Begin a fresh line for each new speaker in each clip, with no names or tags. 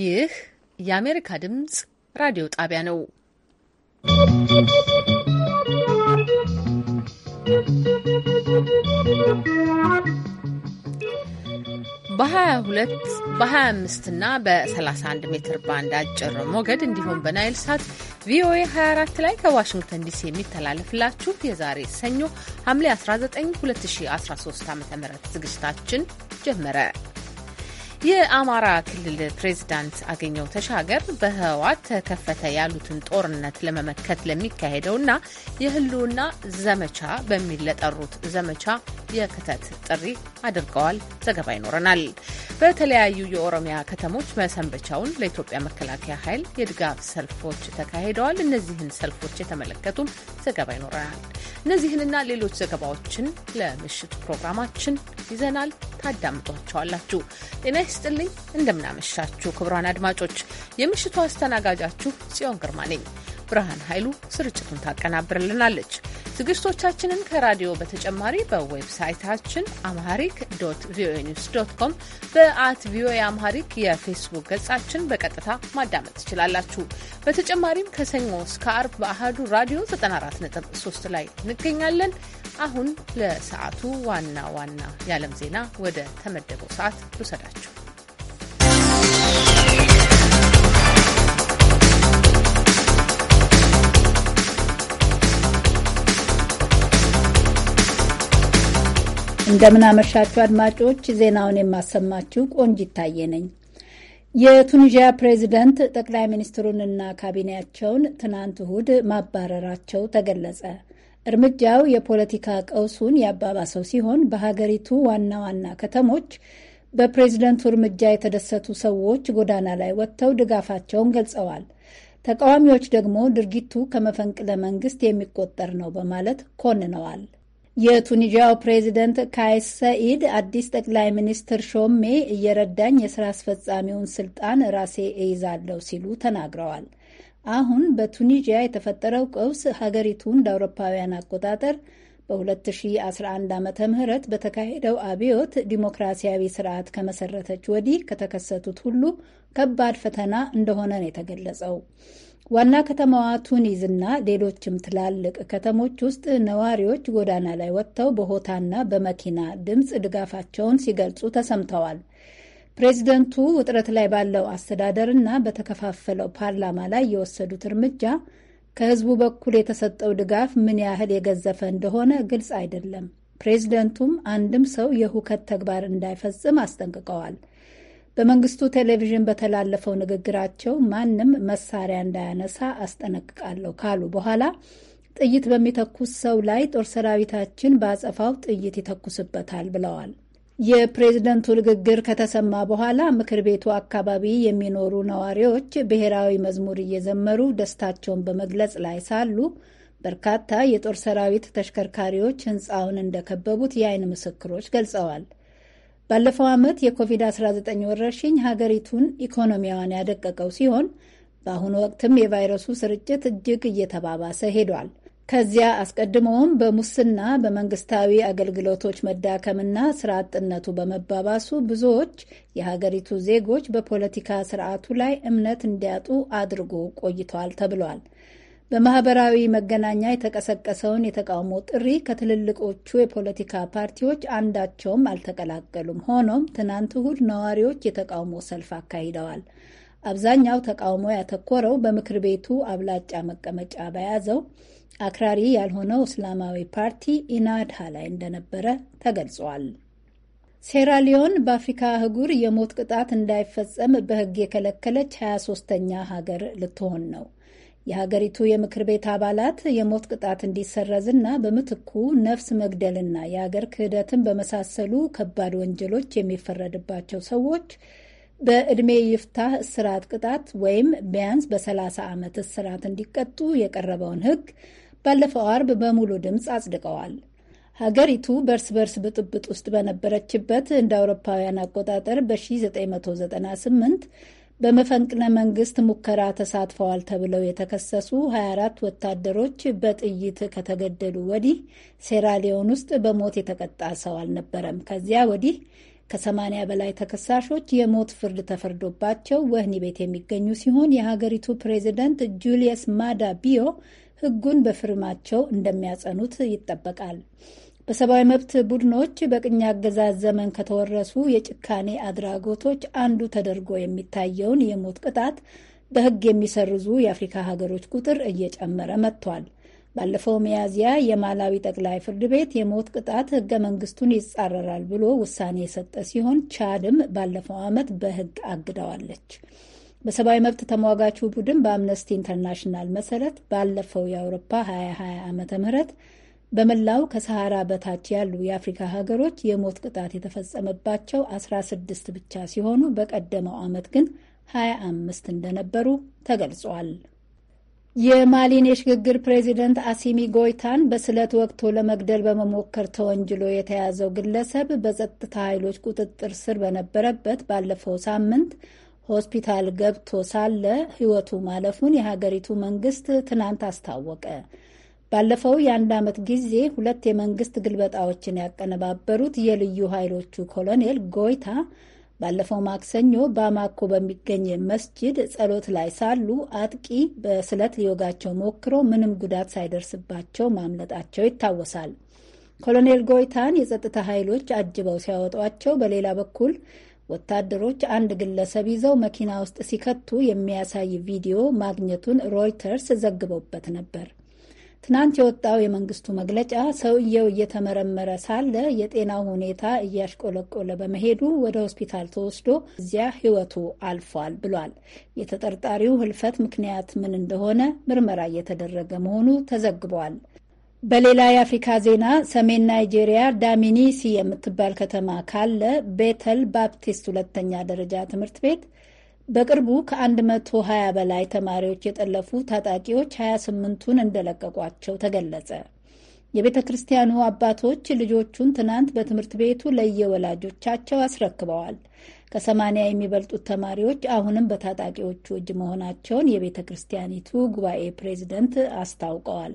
ይህ የአሜሪካ ድምፅ ራዲዮ ጣቢያ ነው። በ22 በ25 እና በ31 ሜትር ባንድ አጭር ሞገድ እንዲሁም በናይል ሳት ቪኦኤ 24 ላይ ከዋሽንግተን ዲሲ የሚተላለፍላችሁ የዛሬ ሰኞ ሐምሌ 19 2013 ዓ ም ዝግጅታችን ጀመረ። የአማራ ክልል ፕሬዚዳንት አገኘው ተሻገር በህወሓት ተከፈተ ያሉትን ጦርነት ለመመከት ለሚካሄደውና የህልውና ዘመቻ በሚል ለጠሩት ዘመቻ የክተት ጥሪ አድርገዋል። ዘገባ ይኖረናል። በተለያዩ የኦሮሚያ ከተሞች መሰንበቻውን ለኢትዮጵያ መከላከያ ኃይል የድጋፍ ሰልፎች ተካሂደዋል። እነዚህን ሰልፎች የተመለከቱም ዘገባ ይኖረናል። እነዚህንና ሌሎች ዘገባዎችን ለምሽት ፕሮግራማችን ይዘናል። ታዳምጧቸዋላችሁ። ይስጥልኝ። እንደምናመሻችሁ ክቡራን አድማጮች፣ የምሽቱ አስተናጋጃችሁ ጽዮን ግርማ ነኝ። ብርሃን ኃይሉ ስርጭቱን ታቀናብርልናለች። ዝግጅቶቻችንን ከራዲዮ በተጨማሪ በዌብሳይታችን አምሃሪክ ዶት ቪኦኤ ኒውስ ዶት ኮም፣ በአት ቪኦኤ አምሃሪክ የፌስቡክ ገጻችን በቀጥታ ማዳመጥ ትችላላችሁ። በተጨማሪም ከሰኞ እስከ አርብ በአህዱ ራዲዮ 94.3 ላይ እንገኛለን። አሁን ለሰዓቱ ዋና ዋና የዓለም ዜና ወደ ተመደበው ሰዓት ልውሰዳችሁ።
እንደምናመሻችሁ አድማጮች፣ ዜናውን የማሰማችሁ ቆንጅ ይታየ ነኝ። የቱኒዥያ ፕሬዚደንት ጠቅላይ ሚኒስትሩንና ካቢኔያቸውን ትናንት እሁድ ማባረራቸው ተገለጸ። እርምጃው የፖለቲካ ቀውሱን ያባባሰው ሲሆን በሀገሪቱ ዋና ዋና ከተሞች በፕሬዝደንቱ እርምጃ የተደሰቱ ሰዎች ጎዳና ላይ ወጥተው ድጋፋቸውን ገልጸዋል። ተቃዋሚዎች ደግሞ ድርጊቱ ከመፈንቅለ መንግስት የሚቆጠር ነው በማለት ኮንነዋል። የቱኒዚያው ፕሬዚደንት ካይስ ሰኢድ አዲስ ጠቅላይ ሚኒስትር ሾሜ እየረዳኝ የስራ አስፈጻሚውን ስልጣን ራሴ እይዛለሁ ሲሉ ተናግረዋል። አሁን በቱኒዚያ የተፈጠረው ቀውስ ሀገሪቱ እንደ አውሮፓውያን አቆጣጠር በ2011 ም በተካሄደው አብዮት ዲሞክራሲያዊ ስርዓት ከመሰረተች ወዲህ ከተከሰቱት ሁሉ ከባድ ፈተና እንደሆነ ነው የተገለጸው። ዋና ከተማዋ ቱኒዝ እና ሌሎችም ትላልቅ ከተሞች ውስጥ ነዋሪዎች ጎዳና ላይ ወጥተው በሆታና በመኪና ድምፅ ድጋፋቸውን ሲገልጹ ተሰምተዋል። ፕሬዚደንቱ ውጥረት ላይ ባለው አስተዳደር እና በተከፋፈለው ፓርላማ ላይ የወሰዱት እርምጃ ከህዝቡ በኩል የተሰጠው ድጋፍ ምን ያህል የገዘፈ እንደሆነ ግልጽ አይደለም። ፕሬዚደንቱም አንድም ሰው የሁከት ተግባር እንዳይፈጽም አስጠንቅቀዋል። በመንግስቱ ቴሌቪዥን በተላለፈው ንግግራቸው ማንም መሳሪያ እንዳያነሳ አስጠነቅቃለሁ ካሉ በኋላ ጥይት በሚተኩስ ሰው ላይ ጦር ሰራዊታችን በአጸፋው ጥይት ይተኩስበታል ብለዋል። የፕሬዝደንቱ ንግግር ከተሰማ በኋላ ምክር ቤቱ አካባቢ የሚኖሩ ነዋሪዎች ብሔራዊ መዝሙር እየዘመሩ ደስታቸውን በመግለጽ ላይ ሳሉ በርካታ የጦር ሰራዊት ተሽከርካሪዎች ህንፃውን እንደከበቡት የአይን ምስክሮች ገልጸዋል። ባለፈው ዓመት የኮቪድ-19 ወረርሽኝ ሀገሪቱን ኢኮኖሚዋን ያደቀቀው ሲሆን በአሁኑ ወቅትም የቫይረሱ ስርጭት እጅግ እየተባባሰ ሄዷል። ከዚያ አስቀድሞውም በሙስና በመንግስታዊ አገልግሎቶች መዳከምና ስራ አጥነቱ በመባባሱ ብዙዎች የሀገሪቱ ዜጎች በፖለቲካ ስርዓቱ ላይ እምነት እንዲያጡ አድርጎ ቆይቷል ተብሏል። በማህበራዊ መገናኛ የተቀሰቀሰውን የተቃውሞ ጥሪ ከትልልቆቹ የፖለቲካ ፓርቲዎች አንዳቸውም አልተቀላቀሉም። ሆኖም ትናንት እሁድ ነዋሪዎች የተቃውሞ ሰልፍ አካሂደዋል። አብዛኛው ተቃውሞ ያተኮረው በምክር ቤቱ አብላጫ መቀመጫ በያዘው አክራሪ ያልሆነው እስላማዊ ፓርቲ ኢናድሃ ላይ እንደነበረ ተገልጿል። ሴራሊዮን በአፍሪካ አህጉር የሞት ቅጣት እንዳይፈጸም በሕግ የከለከለች 23ተኛ ሀገር ልትሆን ነው። የሀገሪቱ የምክር ቤት አባላት የሞት ቅጣት እንዲሰረዝና በምትኩ ነፍስ መግደልና የሀገር ክህደትን በመሳሰሉ ከባድ ወንጀሎች የሚፈረድባቸው ሰዎች በዕድሜ ይፍታህ እስራት ቅጣት ወይም ቢያንስ በ30 ዓመት እስራት እንዲቀጡ የቀረበውን ሕግ ባለፈው አርብ በሙሉ ድምፅ አጽድቀዋል። ሀገሪቱ በእርስ በርስ ብጥብጥ ውስጥ በነበረችበት እንደ አውሮፓውያን አቆጣጠር በ1998 በመፈንቅለ መንግስት ሙከራ ተሳትፈዋል ተብለው የተከሰሱ 24 ወታደሮች በጥይት ከተገደሉ ወዲህ ሴራሊዮን ውስጥ በሞት የተቀጣ ሰው አልነበረም። ከዚያ ወዲህ ከ 8 በላይ ተከሳሾች የሞት ፍርድ ተፈርዶባቸው ወህኒ ቤት የሚገኙ ሲሆን የሀገሪቱ ፕሬዚደንት ጁልየስ ማዳ ቢዮ ህጉን በፊርማቸው እንደሚያጸኑት ይጠበቃል። በሰብአዊ መብት ቡድኖች በቅኝ አገዛዝ ዘመን ከተወረሱ የጭካኔ አድራጎቶች አንዱ ተደርጎ የሚታየውን የሞት ቅጣት በሕግ የሚሰርዙ የአፍሪካ ሀገሮች ቁጥር እየጨመረ መጥቷል። ባለፈው ሚያዝያ የማላዊ ጠቅላይ ፍርድ ቤት የሞት ቅጣት ሕገ መንግስቱን ይጻረራል ብሎ ውሳኔ የሰጠ ሲሆን ቻድም ባለፈው ዓመት በሕግ አግደዋለች። በሰብአዊ መብት ተሟጋቹ ቡድን በአምነስቲ ኢንተርናሽናል መሰረት ባለፈው የአውሮፓ 2020 ም በመላው ከሰሃራ በታች ያሉ የአፍሪካ ሀገሮች የሞት ቅጣት የተፈጸመባቸው 16 ብቻ ሲሆኑ በቀደመው ዓመት ግን 25 እንደነበሩ ተገልጿል። የማሊን የሽግግር ፕሬዚደንት አሲሚ ጎይታን በስለት ወቅቶ ለመግደል በመሞከር ተወንጅሎ የተያዘው ግለሰብ በጸጥታ ኃይሎች ቁጥጥር ስር በነበረበት ባለፈው ሳምንት ሆስፒታል ገብቶ ሳለ ሕይወቱ ማለፉን የሀገሪቱ መንግስት ትናንት አስታወቀ። ባለፈው የአንድ ዓመት ጊዜ ሁለት የመንግስት ግልበጣዎችን ያቀነባበሩት የልዩ ኃይሎቹ ኮሎኔል ጎይታ ባለፈው ማክሰኞ ባማኮ በሚገኝ መስጂድ ጸሎት ላይ ሳሉ አጥቂ በስለት ሊወጋቸው ሞክሮ ምንም ጉዳት ሳይደርስባቸው ማምለጣቸው ይታወሳል። ኮሎኔል ጎይታን የጸጥታ ኃይሎች አጅበው ሲያወጧቸው፣ በሌላ በኩል ወታደሮች አንድ ግለሰብ ይዘው መኪና ውስጥ ሲከቱ የሚያሳይ ቪዲዮ ማግኘቱን ሮይተርስ ዘግቦበት ነበር። ትናንት የወጣው የመንግስቱ መግለጫ ሰውየው እየተመረመረ ሳለ የጤናው ሁኔታ እያሽቆለቆለ በመሄዱ ወደ ሆስፒታል ተወስዶ እዚያ ሕይወቱ አልፏል ብሏል። የተጠርጣሪው ሕልፈት ምክንያት ምን እንደሆነ ምርመራ እየተደረገ መሆኑ ተዘግቧል። በሌላ የአፍሪካ ዜና ሰሜን ናይጄሪያ ዳሚኒሲ የምትባል ከተማ ካለ ቤተል ባፕቲስት ሁለተኛ ደረጃ ትምህርት ቤት በቅርቡ ከ120 በላይ ተማሪዎች የጠለፉ ታጣቂዎች 28ቱን እንደለቀቋቸው ተገለጸ። የቤተ ክርስቲያኑ አባቶች ልጆቹን ትናንት በትምህርት ቤቱ ለየወላጆቻቸው አስረክበዋል። ከሰማንያ የሚበልጡት ተማሪዎች አሁንም በታጣቂዎቹ እጅ መሆናቸውን የቤተ ክርስቲያኒቱ ጉባኤ ፕሬዚደንት አስታውቀዋል።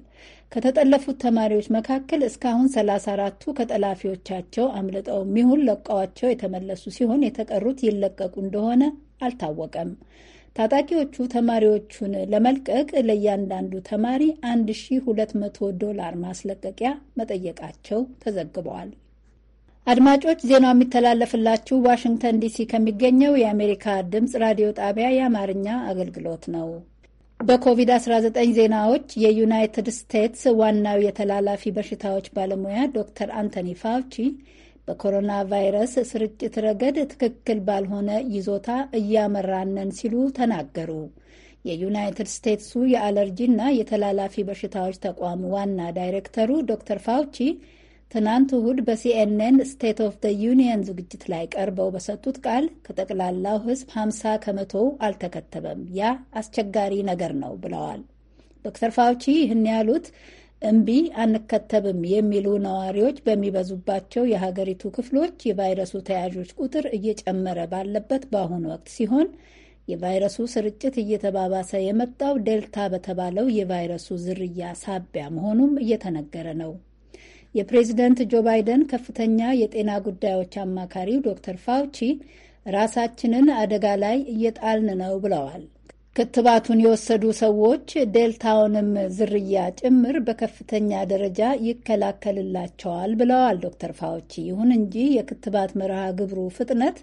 ከተጠለፉት ተማሪዎች መካከል እስካሁን 34ቱ ከጠላፊዎቻቸው አምልጠው የሚሆን ለቀዋቸው የተመለሱ ሲሆን የተቀሩት ይለቀቁ እንደሆነ አልታወቀም። ታጣቂዎቹ ተማሪዎቹን ለመልቀቅ ለእያንዳንዱ ተማሪ 1200 ዶላር ማስለቀቂያ መጠየቃቸው ተዘግበዋል። አድማጮች ዜናው የሚተላለፍላችሁ ዋሽንግተን ዲሲ ከሚገኘው የአሜሪካ ድምፅ ራዲዮ ጣቢያ የአማርኛ አገልግሎት ነው። በኮቪድ-19 ዜናዎች የዩናይትድ ስቴትስ ዋናው የተላላፊ በሽታዎች ባለሙያ ዶክተር አንቶኒ ፋውቺ በኮሮና ቫይረስ ስርጭት ረገድ ትክክል ባልሆነ ይዞታ እያመራነን ሲሉ ተናገሩ። የዩናይትድ ስቴትሱ የአለርጂና የተላላፊ በሽታዎች ተቋም ዋና ዳይሬክተሩ ዶክተር ፋውቺ ትናንት እሁድ በሲኤንኤን ስቴት ኦፍ ደ ዩኒየን ዝግጅት ላይ ቀርበው በሰጡት ቃል ከጠቅላላው ሕዝብ 50 ከመቶ አልተከተበም፣ ያ አስቸጋሪ ነገር ነው ብለዋል። ዶክተር ፋውቺ ይህን ያሉት እምቢ አንከተብም የሚሉ ነዋሪዎች በሚበዙባቸው የሀገሪቱ ክፍሎች የቫይረሱ ተያዦች ቁጥር እየጨመረ ባለበት በአሁኑ ወቅት ሲሆን የቫይረሱ ስርጭት እየተባባሰ የመጣው ዴልታ በተባለው የቫይረሱ ዝርያ ሳቢያ መሆኑም እየተነገረ ነው። የፕሬዚደንት ጆ ባይደን ከፍተኛ የጤና ጉዳዮች አማካሪው ዶክተር ፋውቺ ራሳችንን አደጋ ላይ እየጣልን ነው ብለዋል። ክትባቱን የወሰዱ ሰዎች ዴልታውንም ዝርያ ጭምር በከፍተኛ ደረጃ ይከላከልላቸዋል ብለዋል ዶክተር ፋውቺ። ይሁን እንጂ የክትባት መርሃ ግብሩ ፍጥነት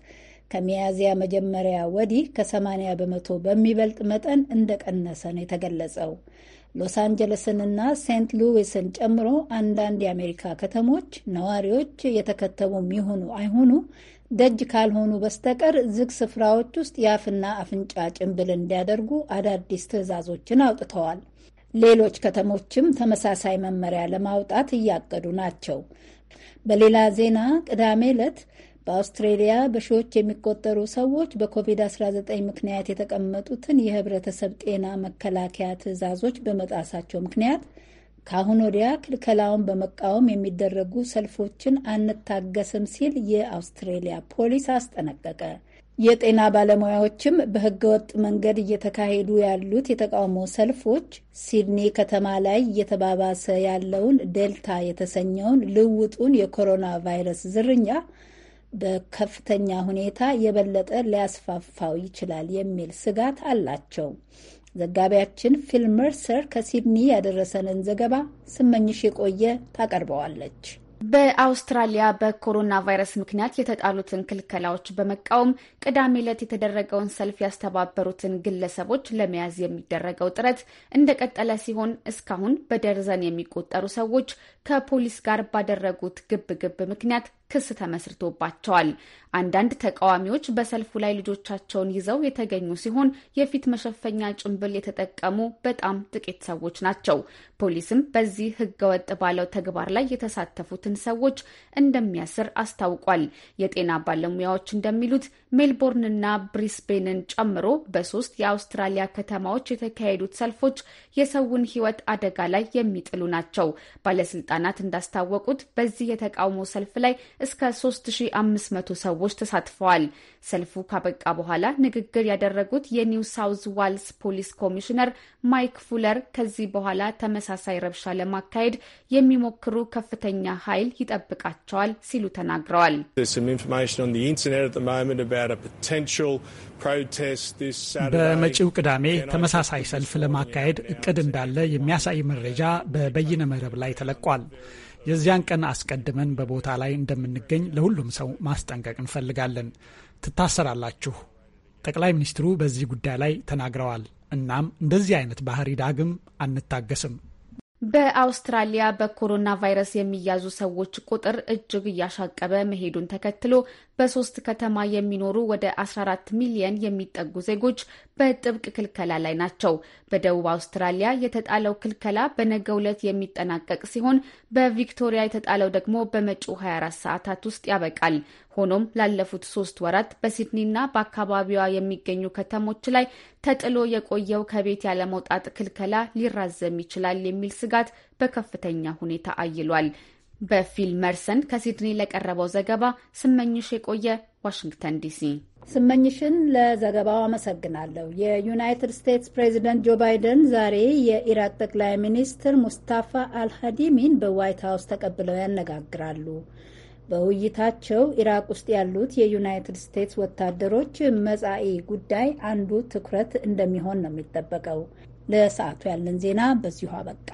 ከሚያዝያ መጀመሪያ ወዲህ ከ80 በመቶ በሚበልጥ መጠን እንደቀነሰ ነው የተገለጸው። ሎስ አንጀለስንና ሴንት ሉዊስን ጨምሮ አንዳንድ የአሜሪካ ከተሞች ነዋሪዎች የተከተቡም ይሁኑ አይሁኑ ደጅ ካልሆኑ በስተቀር ዝግ ስፍራዎች ውስጥ የአፍና አፍንጫ ጭንብል እንዲያደርጉ አዳዲስ ትዕዛዞችን አውጥተዋል። ሌሎች ከተሞችም ተመሳሳይ መመሪያ ለማውጣት እያቀዱ ናቸው። በሌላ ዜና ቅዳሜ ዕለት በአውስትሬሊያ በሺዎች የሚቆጠሩ ሰዎች በኮቪድ-19 ምክንያት የተቀመጡትን የህብረተሰብ ጤና መከላከያ ትዕዛዞች በመጣሳቸው ምክንያት ከአሁን ወዲያ ክልከላውን በመቃወም የሚደረጉ ሰልፎችን አንታገስም ሲል የአውስትሬሊያ ፖሊስ አስጠነቀቀ። የጤና ባለሙያዎችም በህገወጥ መንገድ እየተካሄዱ ያሉት የተቃውሞ ሰልፎች ሲድኒ ከተማ ላይ እየተባባሰ ያለውን ዴልታ የተሰኘውን ልውጡን የኮሮና ቫይረስ ዝርኛ። በከፍተኛ ሁኔታ የበለጠ ሊያስፋፋው ይችላል የሚል ስጋት አላቸው። ዘጋቢያችን ፊል መርሰር ከሲድኒ ያደረሰንን ዘገባ
ስመኝሽ የቆየ ታቀርበዋለች። በአውስትራሊያ በኮሮና ቫይረስ ምክንያት የተጣሉትን ክልከላዎች በመቃወም ቅዳሜ ዕለት የተደረገውን ሰልፍ ያስተባበሩትን ግለሰቦች ለመያዝ የሚደረገው ጥረት እንደቀጠለ ሲሆን እስካሁን በደርዘን የሚቆጠሩ ሰዎች ከፖሊስ ጋር ባደረጉት ግብግብ ምክንያት ክስ ተመስርቶባቸዋል። አንዳንድ ተቃዋሚዎች በሰልፉ ላይ ልጆቻቸውን ይዘው የተገኙ ሲሆን የፊት መሸፈኛ ጭንብል የተጠቀሙ በጣም ጥቂት ሰዎች ናቸው። ፖሊስም በዚህ ህገወጥ ባለው ተግባር ላይ የተሳተፉትን ሰዎች እንደሚያስር አስታውቋል። የጤና ባለሙያዎች እንደሚሉት ሜልቦርንና ብሪስቤንን ጨምሮ በሶስት የአውስትራሊያ ከተማዎች የተካሄዱት ሰልፎች የሰውን ህይወት አደጋ ላይ የሚጥሉ ናቸው። ባለስልጣናት እንዳስታወቁት በዚህ የተቃውሞ ሰልፍ ላይ እስከ 3500 ሰዎች ተሳትፈዋል። ሰልፉ ካበቃ በኋላ ንግግር ያደረጉት የኒው ሳውዝ ዋልስ ፖሊስ ኮሚሽነር ማይክ ፉለር ከዚህ በኋላ ተመሳሳይ ረብሻ ለማካሄድ የሚሞክሩ ከፍተኛ ኃይል ይጠብቃቸዋል ሲሉ ተናግረዋል።
በመጪው
ቅዳሜ ተመሳሳይ ሰልፍ ለማካሄድ እቅድ እንዳለ የሚያሳይ መረጃ በበይነ መረብ ላይ ተለቋል። የዚያን ቀን አስቀድመን በቦታ ላይ እንደምንገኝ ለሁሉም ሰው ማስጠንቀቅ እንፈልጋለን። ትታሰራላችሁ። ጠቅላይ ሚኒስትሩ በዚህ ጉዳይ ላይ ተናግረዋል። እናም እንደዚህ አይነት ባህሪ ዳግም አንታገስም።
በአውስትራሊያ በኮሮና ቫይረስ የሚያዙ ሰዎች ቁጥር እጅግ እያሻቀበ መሄዱን ተከትሎ በሶስት ከተማ የሚኖሩ ወደ 14 ሚሊየን የሚጠጉ ዜጎች በጥብቅ ክልከላ ላይ ናቸው። በደቡብ አውስትራሊያ የተጣለው ክልከላ በነገ ዕለት የሚጠናቀቅ ሲሆን በቪክቶሪያ የተጣለው ደግሞ በመጪው 24 ሰዓታት ውስጥ ያበቃል። ሆኖም ላለፉት ሶስት ወራት በሲድኒና በአካባቢዋ የሚገኙ ከተሞች ላይ ተጥሎ የቆየው ከቤት ያለመውጣት ክልከላ ሊራዘም ይችላል የሚል ስጋት በከፍተኛ ሁኔታ አይሏል። በፊል መርሰን ከሲድኒ ለቀረበው ዘገባ ስመኝሽ የቆየ ዋሽንግተን ዲሲ።
ስመኝሽን ለዘገባው አመሰግናለሁ። የዩናይትድ ስቴትስ ፕሬዚደንት ጆ ባይደን ዛሬ የኢራቅ ጠቅላይ ሚኒስትር ሙስታፋ አልሀዲሚን በዋይት ሀውስ ተቀብለው ያነጋግራሉ። በውይይታቸው ኢራቅ ውስጥ ያሉት የዩናይትድ ስቴትስ ወታደሮች መጻኢ ጉዳይ አንዱ ትኩረት እንደሚሆን ነው የሚጠበቀው። ለሰዓቱ ያለን ዜና በዚሁ አበቃ።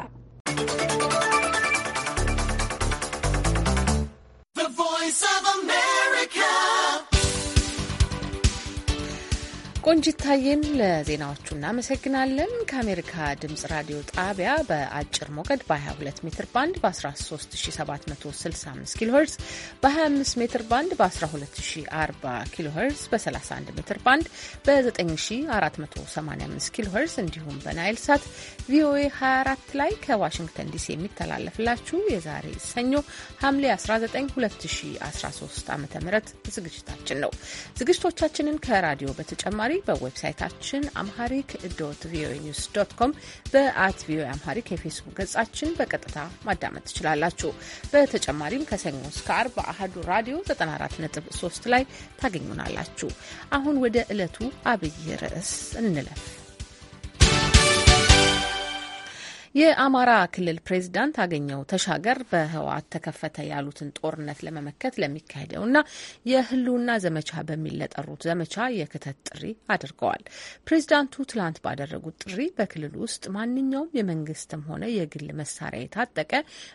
ቆንጂታዬን ለዜናዎቹ እናመሰግናለን። ከአሜሪካ ድምጽ ራዲዮ ጣቢያ በአጭር ሞገድ በ22 ሜትር ባንድ በ13765 ኪሎ ሄርዝ፣ በ25 ሜትር ባንድ በ1240 ኪሎ ሄርዝ፣ በ31 ሜትር ባንድ በ9485 ኪሎ ሄርዝ እንዲሁም በናይል ሳት ቪኦኤ 24 ላይ ከዋሽንግተን ዲሲ የሚተላለፍላችሁ የዛሬ ሰኞ ሐምሌ 19 2013 ዓ ም ዝግጅታችን ነው። ዝግጅቶቻችንን ከራዲዮ በተጨማሪ በዌብሳይታችን አምሃሪክ ዶት ቪኦኤ ኒውስ ዶት ኮም፣ በአት ቪኦኤ አምሃሪክ የፌስቡክ ገጻችን በቀጥታ ማዳመጥ ትችላላችሁ። በተጨማሪም ከሰኞ እስከ አርብ አህዱ ራዲዮ 94.3 ላይ ታገኙናላችሁ። አሁን ወደ ዕለቱ አብይ ርዕስ እንለፍ። የአማራ ክልል ፕሬዚዳንት አገኘው ተሻገር በህወሓት ተከፈተ ያሉትን ጦርነት ለመመከት ለሚካሄደውና የህልውና ዘመቻ በሚል ለጠሩት ዘመቻ የክተት ጥሪ አድርገዋል። ፕሬዚዳንቱ ትላንት ባደረጉት ጥሪ በክልሉ ውስጥ ማንኛውም የመንግስትም ሆነ የግል መሳሪያ የታጠቀ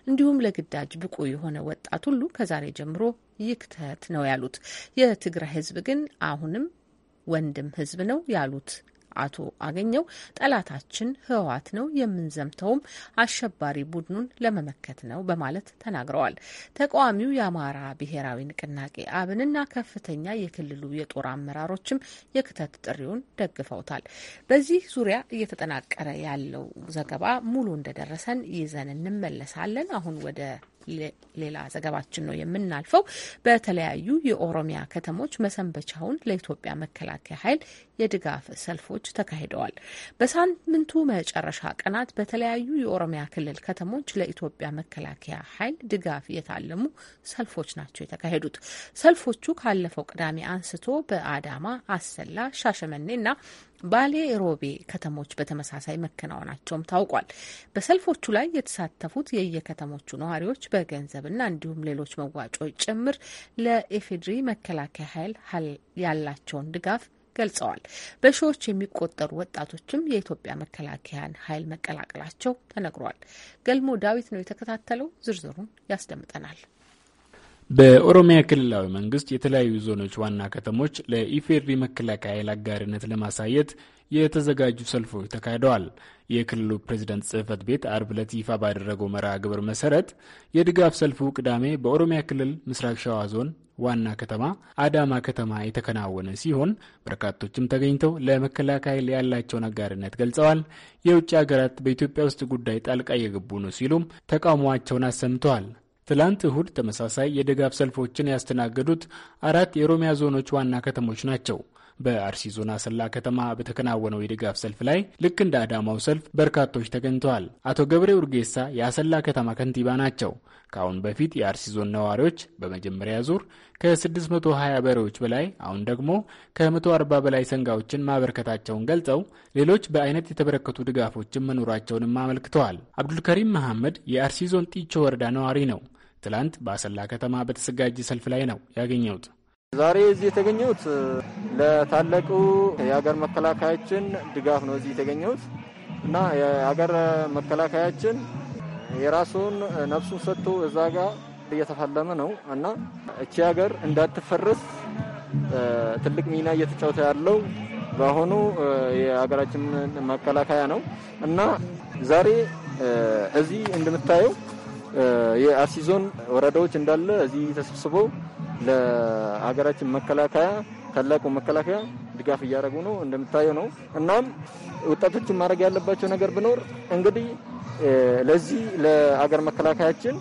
እንዲሁም ለግዳጅ ብቁ የሆነ ወጣት ሁሉ ከዛሬ ጀምሮ ይክተት ነው ያሉት። የትግራይ ህዝብ ግን አሁንም ወንድም ህዝብ ነው ያሉት አቶ አገኘው ጠላታችን ህወሓት ነው፣ የምንዘምተውም አሸባሪ ቡድኑን ለመመከት ነው በማለት ተናግረዋል። ተቃዋሚው የአማራ ብሔራዊ ንቅናቄ አብንና ከፍተኛ የክልሉ የጦር አመራሮችም የክተት ጥሪውን ደግፈውታል። በዚህ ዙሪያ እየተጠናቀረ ያለው ዘገባ ሙሉ እንደደረሰን ይዘን እንመለሳለን። አሁን ወደ ሌላ ዘገባችን ነው የምናልፈው። በተለያዩ የኦሮሚያ ከተሞች መሰንበቻውን ለኢትዮጵያ መከላከያ ኃይል የድጋፍ ሰልፎች ተካሂደዋል። በሳምንቱ መጨረሻ ቀናት በተለያዩ የኦሮሚያ ክልል ከተሞች ለኢትዮጵያ መከላከያ ኃይል ድጋፍ የታለሙ ሰልፎች ናቸው የተካሄዱት። ሰልፎቹ ካለፈው ቅዳሜ አንስቶ በአዳማ፣ አሰላ፣ ሻሸመኔ እና ባሌ ሮቤ ከተሞች በተመሳሳይ መከናወናቸውም ታውቋል። በሰልፎቹ ላይ የተሳተፉት የየከተሞቹ ነዋሪዎች በገንዘብና እንዲሁም ሌሎች መዋጮች ጭምር ለኢፌዴሪ መከላከያ ኃይል ያላቸውን ድጋፍ ገልጸዋል። በሺዎች የሚቆጠሩ ወጣቶችም የኢትዮጵያ መከላከያን ኃይል መቀላቀላቸው ተነግሯል። ገልሞ ዳዊት ነው የተከታተለው። ዝርዝሩን ያስደምጠናል።
በኦሮሚያ ክልላዊ መንግስት የተለያዩ ዞኖች ዋና ከተሞች ለኢፌድሪ መከላከያ ኃይል አጋርነት ለማሳየት የተዘጋጁ ሰልፎች ተካሂደዋል። የክልሉ ፕሬዝደንት ጽህፈት ቤት አርብ ዕለት ይፋ ባደረገው መርሃ ግብር መሰረት የድጋፍ ሰልፉ ቅዳሜ በኦሮሚያ ክልል ምስራቅ ሸዋ ዞን ዋና ከተማ አዳማ ከተማ የተከናወነ ሲሆን በርካቶችም ተገኝተው ለመከላከያ ኃይል ያላቸውን አጋርነት ገልጸዋል። የውጭ ሀገራት በኢትዮጵያ ውስጥ ጉዳይ ጣልቃ እየገቡ ነው ሲሉም ተቃውሟቸውን አሰምተዋል። ትላንት እሁድ ተመሳሳይ የድጋፍ ሰልፎችን ያስተናገዱት አራት የኦሮሚያ ዞኖች ዋና ከተሞች ናቸው። በአርሲ ዞን አሰላ ከተማ በተከናወነው የድጋፍ ሰልፍ ላይ ልክ እንደ አዳማው ሰልፍ በርካቶች ተገኝተዋል። አቶ ገብሬ ኡርጌሳ የአሰላ ከተማ ከንቲባ ናቸው። ከአሁን በፊት የአርሲ ዞን ነዋሪዎች በመጀመሪያ ዙር ከ620 በሬዎች በላይ አሁን ደግሞ ከ140 በላይ ሰንጋዎችን ማበረከታቸውን ገልጸው ሌሎች በአይነት የተበረከቱ ድጋፎችን መኖራቸውንም አመልክተዋል። አብዱልከሪም መሐመድ የአርሲ ዞን ጢቾ ወረዳ ነዋሪ ነው። ትላንት በአሰላ ከተማ በተዘጋጀ ሰልፍ ላይ ነው ያገኘሁት።
ዛሬ እዚህ የተገኘሁት ለታላቁ የሀገር መከላከያችን ድጋፍ ነው እዚህ የተገኘሁት እና የሀገር መከላከያችን የራሱን ነፍሱን ሰጥቶ እዛ ጋር እየተፋለመ ነው እና እቺ ሀገር እንዳትፈርስ ትልቅ ሚና እየተጫወተ ያለው በአሁኑ የሀገራችን መከላከያ ነው እና ዛሬ እዚህ እንደምታየው የአርሲ ዞን ወረዳዎች እንዳለ እዚህ ተሰብስበው ለሀገራችን መከላከያ ታላቁ መከላከያ ድጋፍ እያደረጉ ነው እንደምታየው ነው። እናም ወጣቶችን ማድረግ ያለባቸው ነገር ብኖር እንግዲህ ለዚህ ለአገር መከላከያችን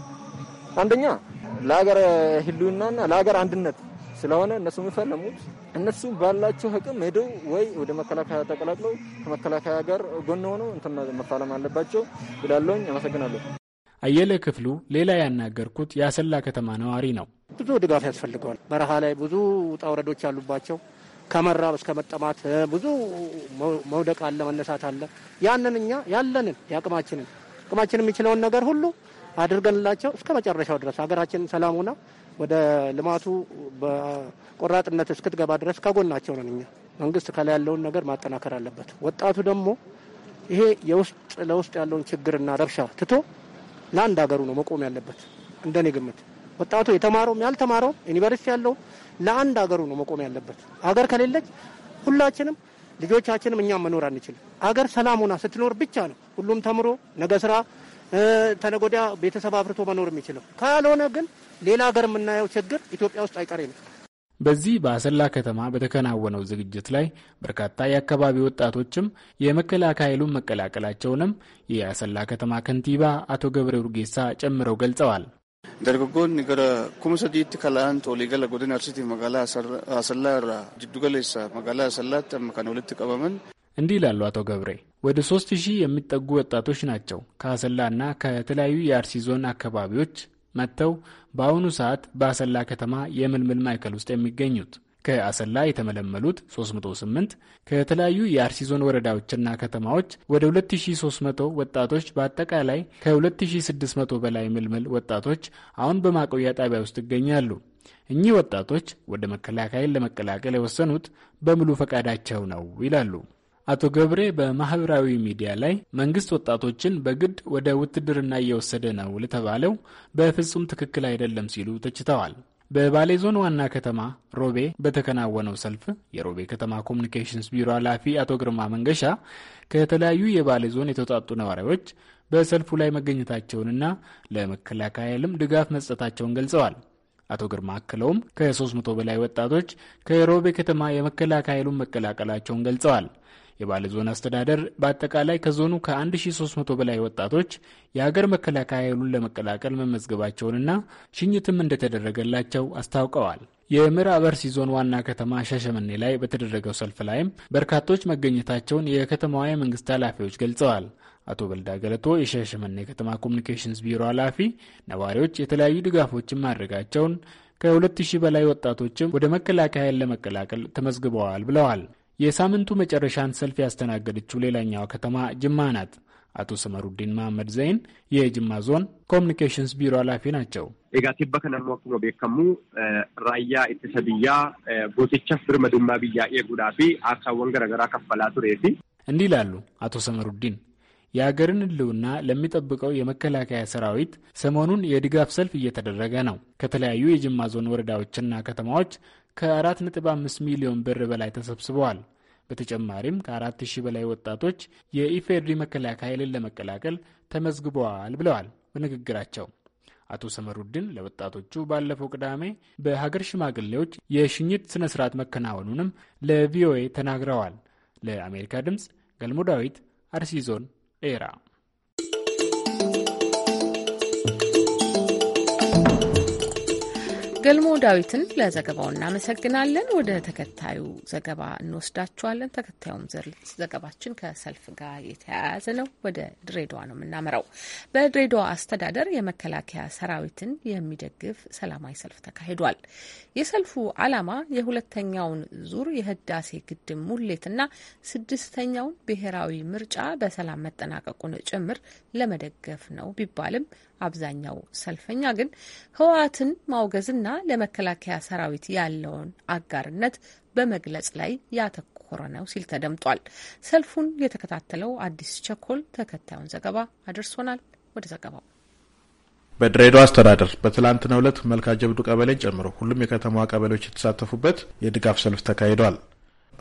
አንደኛ ለአገር ሕልውናና ለሀገር አንድነት ስለሆነ እነሱ የሚፈለሙት እነሱ ባላቸው ህቅም ሄደው ወይ ወደ መከላከያ ተቀላቅለው ከመከላከያ ጋር ጎን ሆነው እንትን መፋለም አለባቸው ይላለኝ። አመሰግናለሁ።
አየለ ክፍሉ ሌላ ያናገርኩት የአሰላ ከተማ ነዋሪ ነው። ብዙ ድጋፍ ያስፈልገዋል። በረሃ
ላይ ብዙ ውጣ ውረዶች አሉባቸው። ከመራብ እስከ መጠማት ብዙ መውደቅ አለ፣ መነሳት አለ። ያንን እኛ ያለንን የአቅማችንን አቅማችን የሚችለውን ነገር ሁሉ አድርገንላቸው እስከ መጨረሻው ድረስ ሀገራችን ሰላም ወደ ልማቱ በቆራጥነት እስክትገባ ድረስ ከጎናቸው ነን። እኛ መንግስት ከላይ ያለውን ነገር ማጠናከር አለበት። ወጣቱ ደግሞ ይሄ የውስጥ ለውስጥ ያለውን ችግርና ረብሻ ትቶ ለአንድ ሀገሩ ነው መቆም ያለበት። እንደኔ ግምት ወጣቱ የተማረውም ያልተማረውም ዩኒቨርሲቲ ያለው ለአንድ ሀገሩ ነው መቆም ያለበት። ሀገር ከሌለች ሁላችንም ልጆቻችንም እኛም መኖር አንችልም። አገር ሰላም ሆና ስትኖር ብቻ ነው ሁሉም ተምሮ ነገ ስራ ተነጎዳ ቤተሰብ አፍርቶ መኖር የሚችለው። ካልሆነ ግን ሌላ ሀገር የምናየው ችግር ኢትዮጵያ ውስጥ አይቀሬ ነው።
በዚህ በአሰላ ከተማ በተከናወነው ዝግጅት ላይ በርካታ የአካባቢ ወጣቶችም የመከላከያ ኃይሉን መቀላቀላቸውንም የአሰላ ከተማ ከንቲባ አቶ ገብሬ ኡርጌሳ ጨምረው ገልጸዋል።
ደርጎጎን ገረ ሰዲት ከላን ቶሊገለ ጎደን አርሲቲ መጋላ አሰላ ራ ጅዱገሌሳ መጋላ አሰላ ተመካን ሁለት ቀበመን
እንዲህ ይላሉ አቶ ገብሬ። ወደ ሶስት ሺህ የሚጠጉ ወጣቶች ናቸው ከአሰላና ከተለያዩ የአርሲ ዞን አካባቢዎች መጥተው በአሁኑ ሰዓት በአሰላ ከተማ የምልምል ማዕከል ውስጥ የሚገኙት። ከአሰላ የተመለመሉት 308 ከተለያዩ የአርሲ ዞን ወረዳዎችና ከተማዎች ወደ 2300 ወጣቶች በአጠቃላይ ከ2600 በላይ ምልምል ወጣቶች አሁን በማቆያ ጣቢያ ውስጥ ይገኛሉ። እኚህ ወጣቶች ወደ መከላከያን ለመቀላቀል የወሰኑት በሙሉ ፈቃዳቸው ነው ይላሉ። አቶ ገብሬ በማህበራዊ ሚዲያ ላይ መንግስት ወጣቶችን በግድ ወደ ውትድርና እየወሰደ ነው ለተባለው በፍጹም ትክክል አይደለም ሲሉ ተችተዋል። በባሌ ዞን ዋና ከተማ ሮቤ በተከናወነው ሰልፍ የሮቤ ከተማ ኮሚኒኬሽንስ ቢሮ ኃላፊ አቶ ግርማ መንገሻ ከተለያዩ የባሌ ዞን የተውጣጡ ነዋሪዎች በሰልፉ ላይ መገኘታቸውንና ለመከላከያ ኃይልም ድጋፍ መስጠታቸውን ገልጸዋል። አቶ ግርማ አክለውም ከ300 በላይ ወጣቶች ከሮቤ ከተማ የመከላከያ ኃይሉን መቀላቀላቸውን ገልጸዋል። የባለዞን አስተዳደር በአጠቃላይ ከዞኑ ከ1300 በላይ ወጣቶች የሀገር መከላከያ ኃይሉን ለመቀላቀል መመዝገባቸውንና ሽኝትም እንደተደረገላቸው አስታውቀዋል። የምዕራብ አርሲ ዞን ዋና ከተማ ሻሸመኔ ላይ በተደረገው ሰልፍ ላይም በርካቶች መገኘታቸውን የከተማዋ የመንግስት ኃላፊዎች ገልጸዋል። አቶ በልዳ ገለቶ የሻሸመኔ ከተማ ኮሚኒኬሽንስ ቢሮ ኃላፊ ነዋሪዎች የተለያዩ ድጋፎችን ማድረጋቸውን ከ2000 በላይ ወጣቶችም ወደ መከላከያ ኃይል ለመቀላቀል ተመዝግበዋል ብለዋል። የሳምንቱ መጨረሻን ሰልፍ ያስተናገደችው ሌላኛዋ ከተማ ጅማ ናት። አቶ ሰመሩዲን መሐመድ ዘይን የጅማ ዞን ኮሚኒኬሽንስ ቢሮ ኃላፊ ናቸው።
ኤጋቲባ ከነሞ ኩመ ቤከሙ ራያ ኢትሰብያ
ጎቲቻ ብርመዱማ ብያ ኤጉዳ ፊ አካወን ገረገራ ከፈላ ቱሬቲ
እንዲህ ይላሉ አቶ ሰመሩዲን። የአገርን ሕልውና ለሚጠብቀው የመከላከያ ሰራዊት ሰሞኑን የድጋፍ ሰልፍ እየተደረገ ነው። ከተለያዩ የጅማ ዞን ወረዳዎችና ከተማዎች ከ4.5 ሚሊዮን ብር በላይ ተሰብስበዋል። በተጨማሪም ከ ሺህ በላይ ወጣቶች የኢፌድሪ መከላከያ ኃይልን ለመቀላቀል ተመዝግበዋል ብለዋል በንግግራቸው። አቶ ሰመሩድን ለወጣቶቹ ባለፈው ቅዳሜ በሀገር ሽማግሌዎች የሽኝት ስነ ስርዓት መከናወኑንም ለቪኦኤ ተናግረዋል። ለአሜሪካ ድምፅ ገልሞ ዳዊት አርሲ ዞን ኤራ
ገልሞ ዳዊትን ለዘገባው እናመሰግናለን። ወደ ተከታዩ ዘገባ እንወስዳችኋለን። ተከታዩም ዘገባችን ከሰልፍ ጋር የተያያዘ ነው። ወደ ድሬዳዋ ነው የምናመራው። በድሬዳዋ አስተዳደር የመከላከያ ሰራዊትን የሚደግፍ ሰላማዊ ሰልፍ ተካሂዷል። የሰልፉ ዓላማ የሁለተኛውን ዙር የህዳሴ ግድብ ሙሌትና ስድስተኛውን ብሔራዊ ምርጫ በሰላም መጠናቀቁን ጭምር ለመደገፍ ነው ቢባልም አብዛኛው ሰልፈኛ ግን ህወሓትን ማውገዝና ለመከላከያ ሰራዊት ያለውን አጋርነት በመግለጽ ላይ ያተኮረ ነው ሲል ተደምጧል። ሰልፉን የተከታተለው አዲስ ቸኮል ተከታዩን ዘገባ አድርሶናል። ወደ ዘገባው
በድሬዳዋ አስተዳደር በትላንትናው ዕለት መልካ ጀብዱ ቀበሌን ጨምሮ ሁሉም የከተማዋ ቀበሌዎች የተሳተፉበት የድጋፍ ሰልፍ ተካሂደዋል።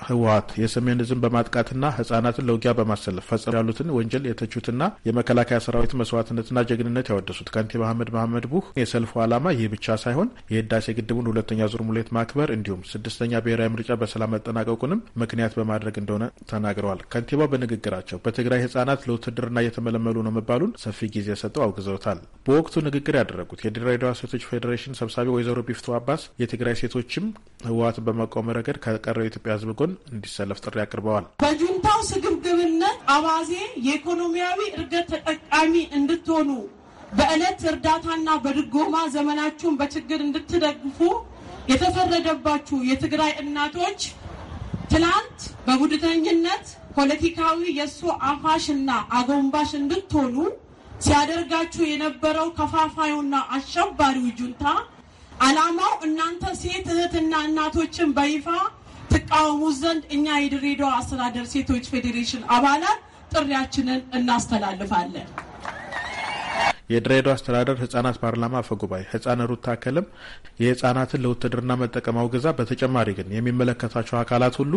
ህወሀት የሰሜን ህዝብን በማጥቃትና ህጻናትን ለውጊያ በማሰለፍ ፈጸሙ ያሉትን ወንጀል የተቹትና የመከላከያ ሰራዊት መስዋዕትነትና ጀግንነት ያወደሱት ከንቲባ አህመድ መሐመድ ቡህ የሰልፉ ዓላማ ይህ ብቻ ሳይሆን የህዳሴ ግድቡን ሁለተኛ ዙር ሙሌት ማክበር እንዲሁም ስድስተኛ ብሔራዊ ምርጫ በሰላም መጠናቀቁንም ምክንያት በማድረግ እንደሆነ ተናግረዋል። ከንቲባው በንግግራቸው በትግራይ ህጻናት ለውትድርና እየተመለመሉ ነው መባሉን ሰፊ ጊዜ ሰጠው አውግዘውታል። በወቅቱ ንግግር ያደረጉት የድሬዳዋ ሴቶች ፌዴሬሽን ሰብሳቢ ወይዘሮ ቢፍቶ አባስ የትግራይ ሴቶችም ህወሀትን በመቃወም ረገድ ከቀረው የኢትዮጵያ ህዝብ ጎን በኩልም እንዲሰለፍ ጥሪ አቅርበዋል።
በጁንታው ስግብግብነት አባዜ የኢኮኖሚያዊ እድገት ተጠቃሚ እንድትሆኑ በዕለት እርዳታና በድጎማ ዘመናችሁን በችግር እንድትደግፉ የተፈረደባችሁ የትግራይ እናቶች ትናንት በቡድተኝነት ፖለቲካዊ የእሱ አፋሽና አጎንባሽ እንድትሆኑ ሲያደርጋችሁ የነበረው ከፋፋዩና አሸባሪው ጁንታ ዓላማው እናንተ ሴት እህትና እናቶችን በይፋ ትቃወሙ ዘንድ እኛ የድሬዳዋ አስተዳደር ሴቶች ፌዴሬሽን አባላት ጥሪያችንን እናስተላልፋለን።
የድሬዳዋ አስተዳደር ህጻናት ፓርላማ አፈጉባኤ ጉባኤ ህጻን ሩት ታከልም የህጻናትን ለውትድርና መጠቀም አውግዛ፣ በተጨማሪ ግን የሚመለከታቸው አካላት ሁሉ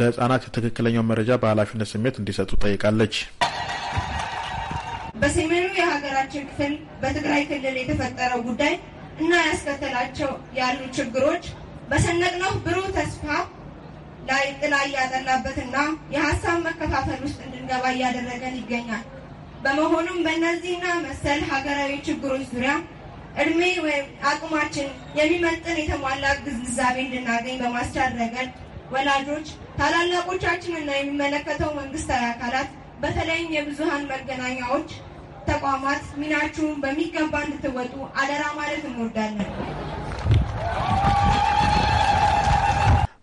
ለህጻናት የትክክለኛው መረጃ በኃላፊነት ስሜት እንዲሰጡ ጠይቃለች።
በሰሜኑ የሀገራችን ክፍል በትግራይ ክልል የተፈጠረው ጉዳይ እና ያስከተላቸው ያሉ ችግሮች በሰነቅነው ብሩህ ተስፋ ላይ ጥላ እያጠላበትና የሀሳብ መከታተል ውስጥ እንድንገባ እያደረገን ይገኛል። በመሆኑም በእነዚህና መሰል ሀገራዊ ችግሮች ዙሪያ እድሜ ወይም አቅማችን የሚመጥን የተሟላ ግንዛቤ እንድናገኝ በማስቻል ረገድ ወላጆች፣ ታላላቆቻችንና የሚመለከተው መንግስታዊ አካላት በተለይም የብዙሀን መገናኛዎች ተቋማት ሚናችሁን በሚገባ እንድትወጡ አደራ ማለት እንወዳለን።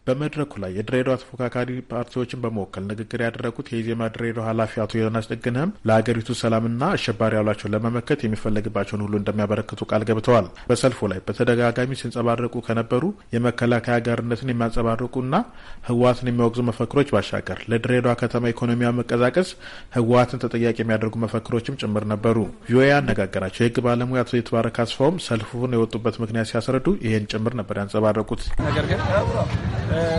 በመድረኩ ላይ የድሬዳዋ ተፎካካሪ ፓርቲዎችን በመወከል ንግግር ያደረጉት የኢዜማ ድሬዳዋ ኃላፊ አቶ ዮናስ ደግነህም ለሀገሪቱ ሰላምና አሸባሪ ያሏቸውን ለመመከት የሚፈለግባቸውን ሁሉ እንደሚያበረክቱ ቃል ገብተዋል። በሰልፉ ላይ በተደጋጋሚ ሲንጸባረቁ ከነበሩ የመከላከያ ጋርነትን የሚያንጸባርቁና ህወሓትን የሚያወግዙ መፈክሮች ባሻገር ለድሬዳዋ ከተማ ኢኮኖሚያ መቀዛቀስ ህወሓትን ተጠያቂ የሚያደርጉ መፈክሮችም ጭምር ነበሩ። ቪኦኤ ያነጋገራቸው የህግ ባለሙያ አቶ የተባረክ አስፋውም ሰልፉን የወጡበት ምክንያት ሲያስረዱ ይህን ጭምር ነበር ያንጸባረቁት።
ነገር ግን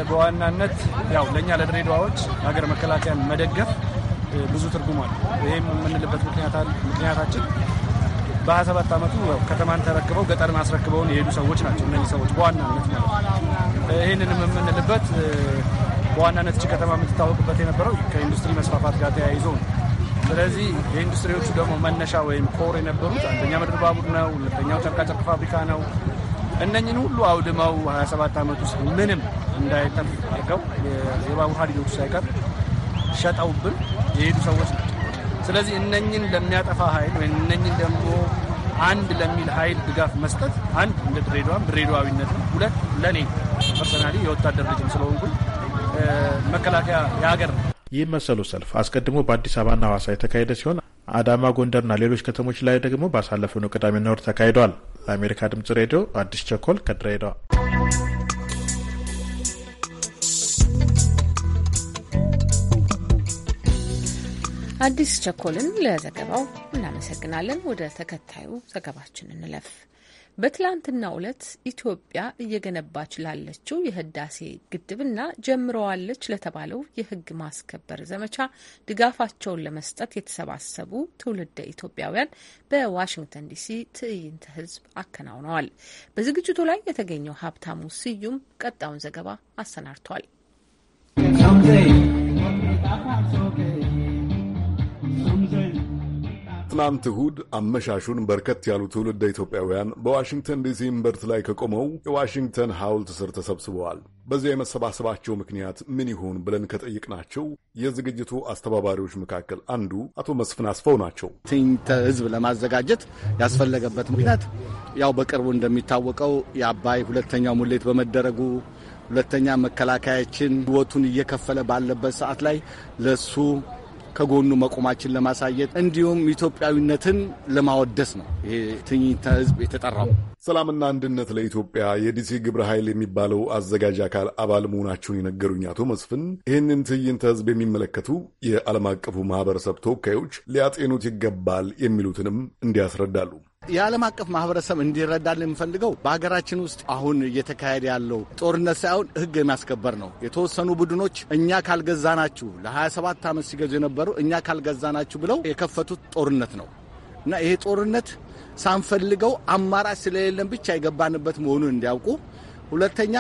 በዋናነት ያው ለእኛ ለድሬዳዋዎች ሀገር መከላከያን መደገፍ ብዙ ትርጉም አለ። ይህም የምንልበት ምክንያታችን በሀያ ሰባት ዓመቱ ከተማን ተረክበው ገጠርን አስረክበውን የሄዱ ሰዎች ናቸው። እነዚህ ሰዎች በዋናነት
ማለት
ይህንንም የምንልበት በዋናነት እች ከተማ የምትታወቅበት የነበረው ከኢንዱስትሪ መስፋፋት ጋር ተያይዞ ነው። ስለዚህ የኢንዱስትሪዎቹ ደግሞ መነሻ ወይም ኮር የነበሩት አንደኛ ምድር ባቡር ነው፣ ሁለተኛው ጨርቃጨርቅ ፋብሪካ ነው። እነኝን ሁሉ አውድመው 27 ዓመት ውስጥ ምንም እንዳይቀር አድርገው የባቡር ሀዲዶቹ ሳይቀር ሸጠውብን የሄዱ ሰዎች ናቸው። ስለዚህ እነኝን ለሚያጠፋ ኃይል ወይም እነኝን ደግሞ አንድ ለሚል ኃይል ድጋፍ መስጠት አንድ እንደ ድሬዳዋም ድሬዳዋዊነት ነው። ሁለት ለእኔ ፐርሰናሊ የወታደር ልጅም ስለሆንኩኝ መከላከያ የሀገር ነው። ይህ መሰሉ
ሰልፍ አስቀድሞ በአዲስ አበባና ሐዋሳ የተካሄደ ሲሆን አዳማ፣ ጎንደርና ሌሎች ከተሞች ላይ ደግሞ ባሳለፍነው ቅዳሜና እሁድ ተካሂደዋል። ለአሜሪካ ድምጽ ሬዲዮ አዲስ ቸኮል ከድሬዳዋ
አዲስ ቸኮልን ለዘገባው እናመሰግናለን። ወደ ተከታዩ ዘገባችን እንለፍ። በትላንትና ዕለት ኢትዮጵያ እየገነባች ላለችው የህዳሴ ግድብና ጀምረዋለች ለተባለው የህግ ማስከበር ዘመቻ ድጋፋቸውን ለመስጠት የተሰባሰቡ ትውልደ ኢትዮጵያውያን በዋሽንግተን ዲሲ ትዕይንተ ህዝብ አከናውነዋል። በዝግጅቱ ላይ የተገኘው ሀብታሙ ስዩም ቀጣዩን ዘገባ አሰናድቷል።
ትናንት እሁድ አመሻሹን በርከት ያሉ ትውልደ ኢትዮጵያውያን በዋሽንግተን ዲሲ እምብርት ላይ ከቆመው የዋሽንግተን ሐውልት ስር ተሰብስበዋል። በዚያ የመሰባሰባቸው ምክንያት ምን ይሆን ብለን ከጠየቅናቸው የዝግጅቱ አስተባባሪዎች መካከል አንዱ አቶ መስፍን አስፈው ናቸው። ህዝብ ለማዘጋጀት ያስፈለገበት ምክንያት ያው በቅርቡ እንደሚታወቀው የአባይ ሁለተኛው ሙሌት በመደረጉ ሁለተኛ መከላከያችን ህይወቱን እየከፈለ ባለበት ሰዓት ላይ ለሱ ከጎኑ መቆማችን ለማሳየት እንዲሁም ኢትዮጵያዊነትን ለማወደስ ነው ይሄ ትዕይንተ ህዝብ የተጠራው። ሰላምና አንድነት ለኢትዮጵያ የዲሲ ግብረ ኃይል የሚባለው አዘጋጅ አካል አባል መሆናቸውን የነገሩኝ አቶ መስፍን ይህንን ትዕይንተ ህዝብ የሚመለከቱ የዓለም አቀፉ ማህበረሰብ ተወካዮች ሊያጤኑት ይገባል የሚሉትንም እንዲያስረዳሉ። የዓለም አቀፍ ማህበረሰብ እንዲረዳል የምፈልገው በሀገራችን ውስጥ አሁን እየተካሄደ ያለው ጦርነት ሳይሆን ህግ የሚያስከበር ነው። የተወሰኑ ቡድኖች እኛ ካልገዛናችሁ ለ27 ዓመት ሲገዙ የነበሩ እኛ ካልገዛናችሁ ብለው የከፈቱት ጦርነት ነው እና ይሄ ጦርነት ሳንፈልገው አማራጭ ስለሌለን ብቻ የገባንበት መሆኑን እንዲያውቁ፣ ሁለተኛ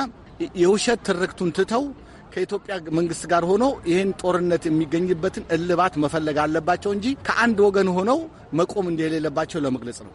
የውሸት ትርክቱን ትተው ከኢትዮጵያ መንግስት ጋር ሆነው ይህን ጦርነት የሚገኝበትን እልባት መፈለግ አለባቸው እንጂ ከአንድ ወገን ሆነው መቆም እንደሌለባቸው ለመግለጽ ነው።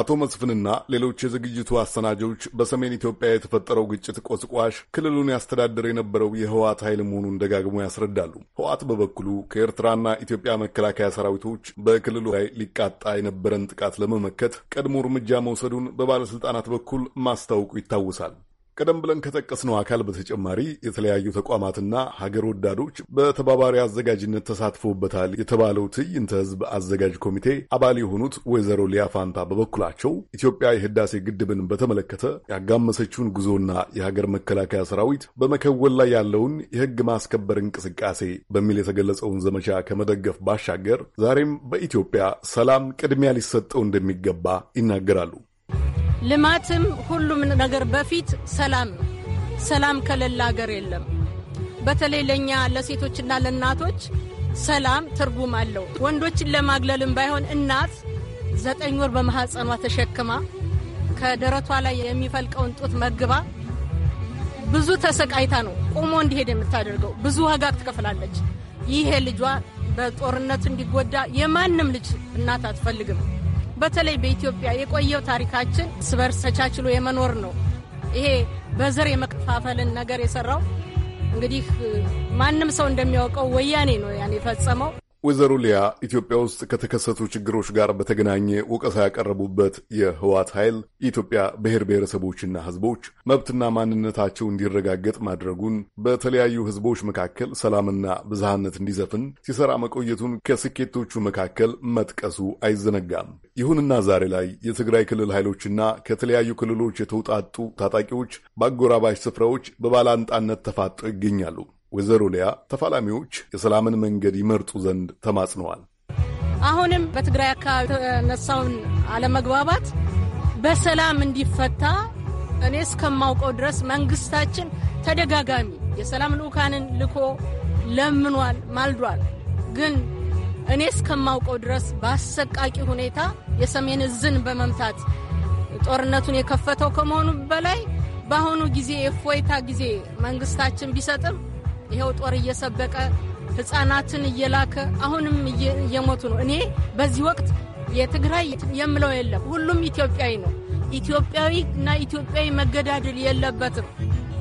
አቶ መስፍንና ሌሎች የዝግጅቱ አሰናጆች በሰሜን ኢትዮጵያ የተፈጠረው ግጭት ቆስቋሽ ክልሉን ያስተዳደር የነበረው የህወሓት ኃይል መሆኑን ደጋግሞ ያስረዳሉ። ህወሓት በበኩሉ ከኤርትራና ኢትዮጵያ መከላከያ ሰራዊቶች በክልሉ ላይ ሊቃጣ የነበረን ጥቃት ለመመከት ቀድሞ እርምጃ መውሰዱን በባለሥልጣናት በኩል ማስታወቁ ይታወሳል። ቀደም ብለን ከጠቀስነው አካል በተጨማሪ የተለያዩ ተቋማትና ሀገር ወዳዶች በተባባሪ አዘጋጅነት ተሳትፎበታል የተባለው ትዕይንተ ህዝብ አዘጋጅ ኮሚቴ አባል የሆኑት ወይዘሮ ሊያፋንታ በበኩላቸው ኢትዮጵያ የህዳሴ ግድብን በተመለከተ ያጋመሰችውን ጉዞና የሀገር መከላከያ ሰራዊት በመከወል ላይ ያለውን የህግ ማስከበር እንቅስቃሴ በሚል የተገለጸውን ዘመቻ ከመደገፍ ባሻገር ዛሬም በኢትዮጵያ ሰላም ቅድሚያ ሊሰጠው እንደሚገባ ይናገራሉ።
ልማትም ሁሉም ነገር በፊት ሰላም ነው። ሰላም ከሌለ ሀገር የለም። በተለይ ለእኛ ለሴቶችና ለእናቶች ሰላም ትርጉም አለው። ወንዶችን ለማግለልም ባይሆን እናት ዘጠኝ ወር በማህፀኗ ተሸክማ ከደረቷ ላይ የሚፈልቀውን ጡት መግባ ብዙ ተሰቃይታ ነው ቆሞ እንዲሄድ የምታደርገው። ብዙ ዋጋ ትከፍላለች። ይሄ ልጇ በጦርነት እንዲጎዳ የማንም ልጅ እናት አትፈልግም። በተለይ በኢትዮጵያ የቆየው ታሪካችን እርስ በርስ ተቻችሎ የመኖር ነው። ይሄ በዘር የመከፋፈልን ነገር የሰራው እንግዲህ ማንም ሰው እንደሚያውቀው ወያኔ ነው ያን የፈጸመው።
ወይዘሮ ሊያ ኢትዮጵያ ውስጥ ከተከሰቱ ችግሮች ጋር በተገናኘ ወቀሳ ያቀረቡበት የህዋት ኃይል የኢትዮጵያ ብሔር ብሔረሰቦችና ህዝቦች መብትና ማንነታቸው እንዲረጋገጥ ማድረጉን፣ በተለያዩ ህዝቦች መካከል ሰላምና ብዝሃነት እንዲዘፍን ሲሰራ መቆየቱን ከስኬቶቹ መካከል መጥቀሱ አይዘነጋም። ይሁንና ዛሬ ላይ የትግራይ ክልል ኃይሎችና ከተለያዩ ክልሎች የተውጣጡ ታጣቂዎች በአጎራባሽ ስፍራዎች በባላንጣነት ተፋጠው ይገኛሉ። ወይዘሮ ሊያ ተፋላሚዎች የሰላምን መንገድ ይመርጡ ዘንድ ተማጽነዋል።
አሁንም በትግራይ አካባቢ የተነሳውን አለመግባባት በሰላም እንዲፈታ እኔ እስከማውቀው ድረስ መንግስታችን ተደጋጋሚ የሰላም ልዑካንን ልኮ ለምኗል፣ ማልዷል። ግን እኔ እስከማውቀው ድረስ በአሰቃቂ ሁኔታ የሰሜን እዝን በመምታት ጦርነቱን የከፈተው ከመሆኑ በላይ በአሁኑ ጊዜ የእፎይታ ጊዜ መንግስታችን ቢሰጥም ይኸው ጦር እየሰበቀ ህጻናትን እየላከ አሁንም እየሞቱ ነው። እኔ በዚህ ወቅት የትግራይ የምለው የለም። ሁሉም ኢትዮጵያዊ ነው። ኢትዮጵያዊ እና ኢትዮጵያዊ መገዳደል የለበትም።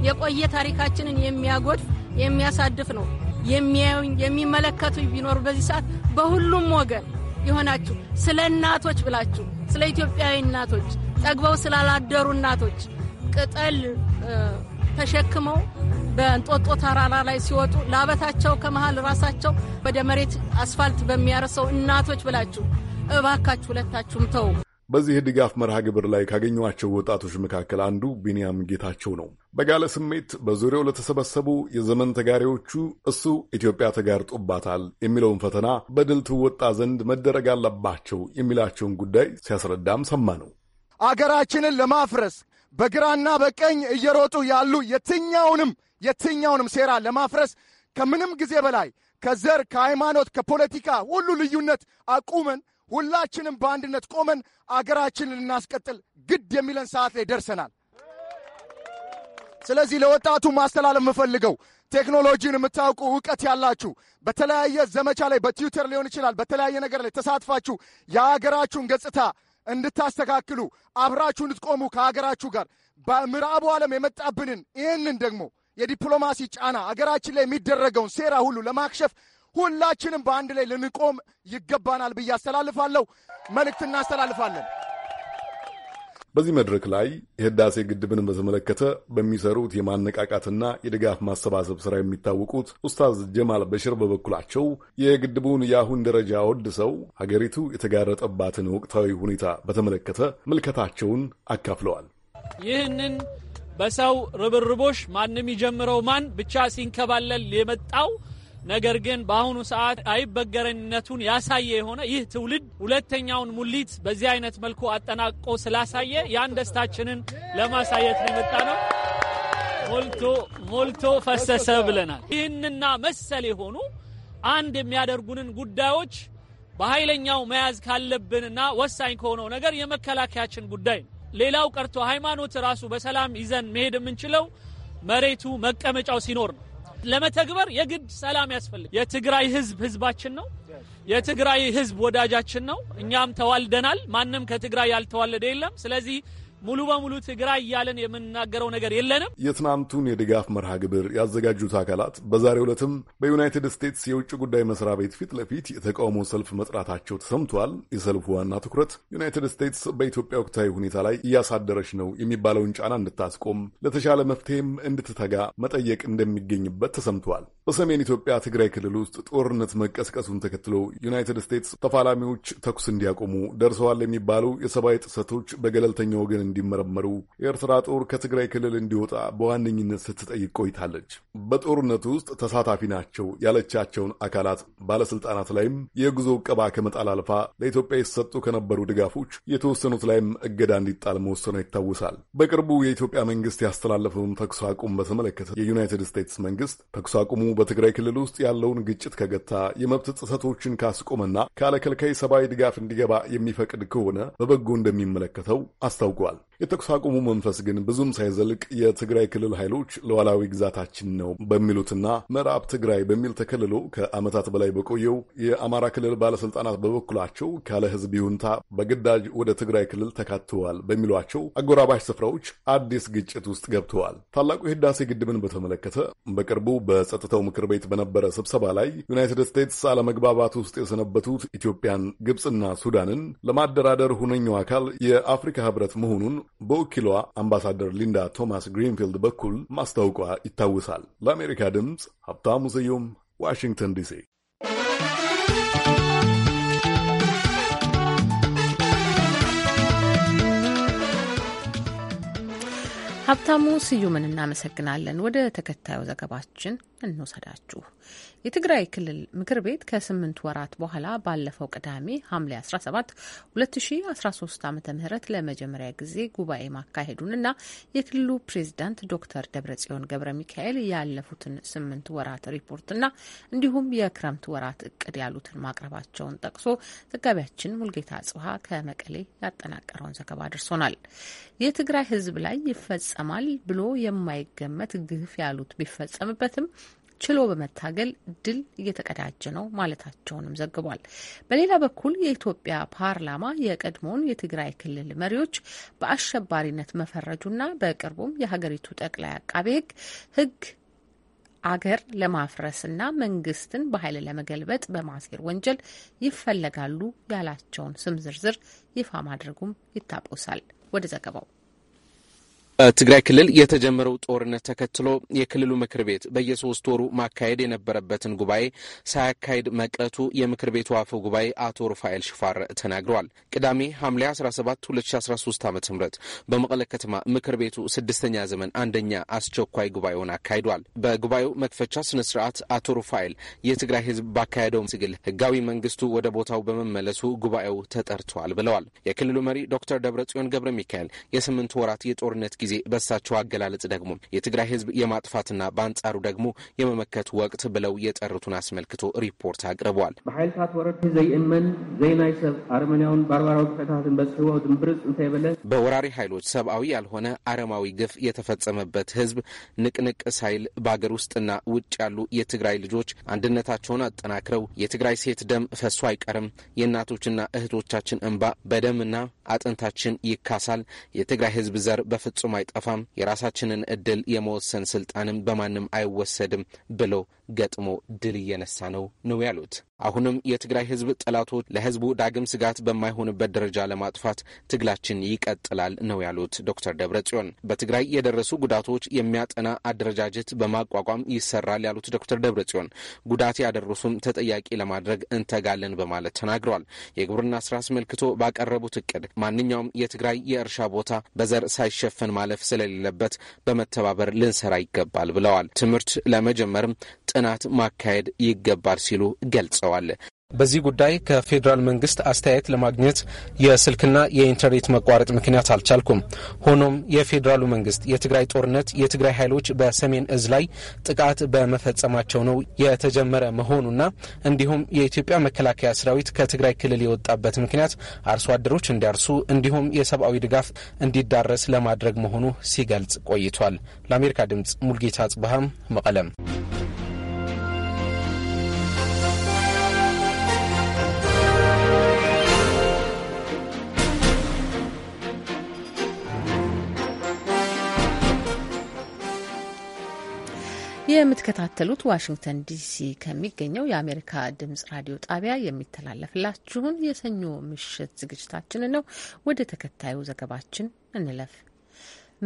የቆየ ታሪካችንን የሚያጎድፍ የሚያሳድፍ ነው። የሚያዩኝ የሚመለከቱ ቢኖር በዚህ ሰዓት በሁሉም ወገን የሆናችሁ ስለ እናቶች ብላችሁ ስለ ኢትዮጵያዊ እናቶች ጠግበው ስላላደሩ እናቶች ቅጠል ተሸክመው በእንጦጦ ተራራ ላይ ሲወጡ ላበታቸው ከመሀል ራሳቸው ወደ መሬት አስፋልት በሚያርሰው እናቶች ብላችሁ እባካችሁ ሁለታችሁም ተው።
በዚህ የድጋፍ መርሃ ግብር ላይ ካገኟቸው ወጣቶች መካከል አንዱ ቢንያም ጌታቸው ነው። በጋለ ስሜት በዙሪያው ለተሰበሰቡ የዘመን ተጋሪዎቹ እሱ ኢትዮጵያ ተጋርጦባታል የሚለውን ፈተና በድል ትወጣ ዘንድ መደረግ አለባቸው የሚላቸውን ጉዳይ ሲያስረዳም ሰማ ነው።
አገራችንን ለማፍረስ በግራና በቀኝ እየሮጡ ያሉ የትኛውንም የትኛውንም ሴራ ለማፍረስ ከምንም ጊዜ በላይ ከዘር፣ ከሃይማኖት፣ ከፖለቲካ ሁሉ ልዩነት አቁመን ሁላችንም በአንድነት ቆመን አገራችን ልናስቀጥል ግድ የሚለን ሰዓት ላይ ደርሰናል። ስለዚህ ለወጣቱ ማስተላለፍ የምፈልገው ቴክኖሎጂን የምታውቁ እውቀት ያላችሁ በተለያየ ዘመቻ ላይ በትዊተር ሊሆን ይችላል፣ በተለያየ ነገር ላይ ተሳትፋችሁ የአገራችሁን ገጽታ እንድታስተካክሉ አብራችሁ እንድትቆሙ ከሀገራችሁ ጋር በምዕራቡ ዓለም የመጣብንን ይህንን ደግሞ የዲፕሎማሲ ጫና አገራችን ላይ የሚደረገውን ሴራ ሁሉ ለማክሸፍ ሁላችንም በአንድ ላይ ልንቆም ይገባናል ብዬ አስተላልፋለሁ። መልእክት እናስተላልፋለን።
በዚህ መድረክ ላይ የህዳሴ ግድብን በተመለከተ በሚሰሩት የማነቃቃትና የድጋፍ ማሰባሰብ ስራ የሚታወቁት ኡስታዝ ጀማል በሽር በበኩላቸው የግድቡን የአሁን ደረጃ ወድ ሰው ሀገሪቱ የተጋረጠባትን ወቅታዊ ሁኔታ በተመለከተ ምልከታቸውን አካፍለዋል።
ይህንን በሰው ርብርቦሽ ማንም ይጀምረው ማን ብቻ ሲንከባለል የመጣው ነገር ግን በአሁኑ ሰዓት አይበገረኝነቱን ያሳየ የሆነ ይህ ትውልድ ሁለተኛውን ሙሊት በዚህ አይነት መልኩ አጠናቆ ስላሳየ ያን ደስታችንን ለማሳየት ነው የመጣ ነው። ሞልቶ ሞልቶ ፈሰሰ ብለናል። ይህንና መሰል የሆኑ አንድ የሚያደርጉንን ጉዳዮች በኃይለኛው መያዝ ካለብንና ወሳኝ ከሆነው ነገር የመከላከያችን ጉዳይ ነው። ሌላው ቀርቶ ሃይማኖት ራሱ በሰላም ይዘን መሄድ የምንችለው መሬቱ መቀመጫው ሲኖር ነው። ለመተግበር የግድ ሰላም ያስፈልግ። የትግራይ ህዝብ ህዝባችን ነው። የትግራይ ህዝብ ወዳጃችን ነው። እኛም ተዋልደናል። ማንም ከትግራይ ያልተዋለደ የለም። ስለዚህ ሙሉ በሙሉ ትግራይ እያለን የምንናገረው ነገር የለንም።
የትናንቱን የድጋፍ መርሃ ግብር ያዘጋጁት አካላት በዛሬው ዕለትም በዩናይትድ ስቴትስ የውጭ ጉዳይ መስሪያ ቤት ፊት ለፊት የተቃውሞ ሰልፍ መጥራታቸው ተሰምቷል። የሰልፉ ዋና ትኩረት ዩናይትድ ስቴትስ በኢትዮጵያ ወቅታዊ ሁኔታ ላይ እያሳደረች ነው የሚባለውን ጫና እንድታስቆም ለተሻለ መፍትሄም እንድትተጋ መጠየቅ እንደሚገኝበት ተሰምቷል። በሰሜን ኢትዮጵያ ትግራይ ክልል ውስጥ ጦርነት መቀስቀሱን ተከትሎ ዩናይትድ ስቴትስ ተፋላሚዎች ተኩስ እንዲያቆሙ ደርሰዋል የሚባሉ የሰብአዊ ጥሰቶች በገለልተኛ ወገን እንዲመረመሩ የኤርትራ ጦር ከትግራይ ክልል እንዲወጣ በዋነኝነት ስትጠይቅ ቆይታለች። በጦርነቱ ውስጥ ተሳታፊ ናቸው ያለቻቸውን አካላት ባለስልጣናት ላይም የጉዞ ቀባ ከመጣል አልፋ ለኢትዮጵያ የተሰጡ ከነበሩ ድጋፎች የተወሰኑት ላይም እገዳ እንዲጣል መወሰኗ ይታወሳል። በቅርቡ የኢትዮጵያ መንግስት ያስተላለፈውን ተኩስ አቁም በተመለከተ የዩናይትድ ስቴትስ መንግስት ተኩስ አቁሙ በትግራይ ክልል ውስጥ ያለውን ግጭት ከገታ የመብት ጥሰቶችን ካስቆመና ካለከልካይ ሰብአዊ ድጋፍ እንዲገባ የሚፈቅድ ከሆነ በበጎ እንደሚመለከተው አስታውቋል። የተኩስ አቁሙ መንፈስ ግን ብዙም ሳይዘልቅ የትግራይ ክልል ኃይሎች ሉዓላዊ ግዛታችን ነው በሚሉትና ምዕራብ ትግራይ በሚል ተከልሎ ከዓመታት በላይ በቆየው የአማራ ክልል ባለስልጣናት በበኩላቸው ካለ ሕዝብ ይሁንታ በግዳጅ ወደ ትግራይ ክልል ተካትተዋል በሚሏቸው አጎራባሽ ስፍራዎች አዲስ ግጭት ውስጥ ገብተዋል። ታላቁ የህዳሴ ግድብን በተመለከተ በቅርቡ በጸጥታው ምክር ቤት በነበረ ስብሰባ ላይ ዩናይትድ ስቴትስ አለመግባባት ውስጥ የሰነበቱት ኢትዮጵያን፣ ግብፅና ሱዳንን ለማደራደር ሁነኛው አካል የአፍሪካ ህብረት መሆኑን መሆኑን በወኪሏ አምባሳደር ሊንዳ ቶማስ ግሪንፊልድ በኩል ማስታወቋ ይታወሳል። ለአሜሪካ ድምፅ ሀብታሙ ስዩም ዋሽንግተን ዲሲ።
ሀብታሙ ስዩምን እናመሰግናለን። ወደ ተከታዩ ዘገባችን እንወሰዳችሁ። የትግራይ ክልል ምክር ቤት ከስምንት ወራት በኋላ ባለፈው ቅዳሜ ሐምሌ 17 2013 ዓ ም ለመጀመሪያ ጊዜ ጉባኤ ማካሄዱንና የክልሉ ፕሬዚዳንት ዶክተር ደብረጽዮን ገብረ ሚካኤል ያለፉትን ስምንት ወራት ሪፖርትና እንዲሁም የክረምት ወራት እቅድ ያሉትን ማቅረባቸውን ጠቅሶ ዘጋቢያችን ሙልጌታ ጽሀ ከመቀሌ ያጠናቀረውን ዘገባ አድርሶናል። የትግራይ ህዝብ ላይ ይፈጸማል ብሎ የማይገመት ግፍ ያሉት ቢፈጸምበትም ችሎ በመታገል ድል እየተቀዳጀ ነው ማለታቸውንም ዘግቧል። በሌላ በኩል የኢትዮጵያ ፓርላማ የቀድሞውን የትግራይ ክልል መሪዎች በአሸባሪነት መፈረጁና በቅርቡም የሀገሪቱ ጠቅላይ አቃቤ ሕግ ሕግ አገር ለማፍረስና መንግስትን በኃይል ለመገልበጥ በማሴር ወንጀል ይፈለጋሉ ያላቸውን ስም ዝርዝር ይፋ ማድረጉም ይታወሳል። ወደ ዘገባው
በትግራይ ክልል የተጀመረው ጦርነት ተከትሎ የክልሉ ምክር ቤት በየሶስት ወሩ ማካሄድ የነበረበትን ጉባኤ ሳያካሄድ መቅረቱ የምክር ቤቱ አፈ ጉባኤ አቶ ሩፋኤል ሽፋር ተናግረዋል። ቅዳሜ ሐምሌ 17 2013 ዓ ም በመቀለ ከተማ ምክር ቤቱ ስድስተኛ ዘመን አንደኛ አስቸኳይ ጉባኤውን አካሂዷል። በጉባኤው መክፈቻ ስነ ስርዓት አቶ ሩፋኤል የትግራይ ህዝብ ባካሄደው ትግል ህጋዊ መንግስቱ ወደ ቦታው በመመለሱ ጉባኤው ተጠርቷል ብለዋል። የክልሉ መሪ ዶክተር ደብረ ጽዮን ገብረ ሚካኤል የስምንት ወራት የጦርነት ጊዜ ጊዜ በሳቸው አገላለጽ ደግሞ የትግራይ ህዝብ የማጥፋትና በአንጻሩ ደግሞ የመመከት ወቅት ብለው የጠሩትን አስመልክቶ ሪፖርት አቅርበዋል። ብሓይልታት ወረርቲ ዘይእመን ዘይናይ ሰብ አርመንያውን ባርባራዊ ክፈታትን ድንብር ድንብርፅ የበለ በወራሪ ኃይሎች ሰብአዊ ያልሆነ አረማዊ ግፍ የተፈጸመበት ህዝብ ንቅንቅ ሳይል በአገር ውስጥና ውጭ ያሉ የትግራይ ልጆች አንድነታቸውን አጠናክረው የትግራይ ሴት ደም ፈሶ አይቀርም፣ የእናቶችና እህቶቻችን እንባ በደምና አጥንታችን ይካሳል፣ የትግራይ ህዝብ ዘር በፍጹም አይጠፋም፣ የራሳችንን እድል የመወሰን ስልጣንም በማንም አይወሰድም ብሎ ገጥሞ ድል እየነሳ ነው ነው ያሉት። አሁንም የትግራይ ህዝብ ጠላቶች ለህዝቡ ዳግም ስጋት በማይሆንበት ደረጃ ለማጥፋት ትግላችን ይቀጥላል ነው ያሉት ዶክተር ደብረ ጽዮን በትግራይ የደረሱ ጉዳቶች የሚያጠና አደረጃጀት በማቋቋም ይሰራል ያሉት ዶክተር ደብረ ጽዮን ጉዳት ያደረሱም ተጠያቂ ለማድረግ እንተጋለን በማለት ተናግረዋል። የግብርና ስራ አስመልክቶ ባቀረቡት እቅድ ማንኛውም የትግራይ የእርሻ ቦታ በዘር ሳይሸፈን ማለፍ ስለሌለበት በመተባበር ልንሰራ ይገባል ብለዋል። ትምህርት ለመጀመርም ጥናት ማካሄድ ይገባል ሲሉ ገልጸዋል። በዚህ ጉዳይ ከፌዴራል መንግስት አስተያየት ለማግኘት የስልክና የኢንተርኔት መቋረጥ ምክንያት አልቻልኩም። ሆኖም የፌዴራሉ መንግስት የትግራይ ጦርነት የትግራይ ኃይሎች በሰሜን እዝ ላይ ጥቃት በመፈጸማቸው ነው የተጀመረ መሆኑና እንዲሁም የኢትዮጵያ መከላከያ ሰራዊት ከትግራይ ክልል የወጣበት ምክንያት አርሶ አደሮች እንዲያርሱ እንዲሁም የሰብአዊ ድጋፍ እንዲዳረስ ለማድረግ መሆኑ ሲገልጽ ቆይቷል። ለአሜሪካ ድምጽ ሙልጌታ አጽብሃም መቀለም
የምትከታተሉት ዋሽንግተን ዲሲ ከሚገኘው የአሜሪካ ድምጽ ራዲዮ ጣቢያ የሚተላለፍላችሁን የሰኞ ምሽት ዝግጅታችንን ነው። ወደ ተከታዩ ዘገባችን እንለፍ።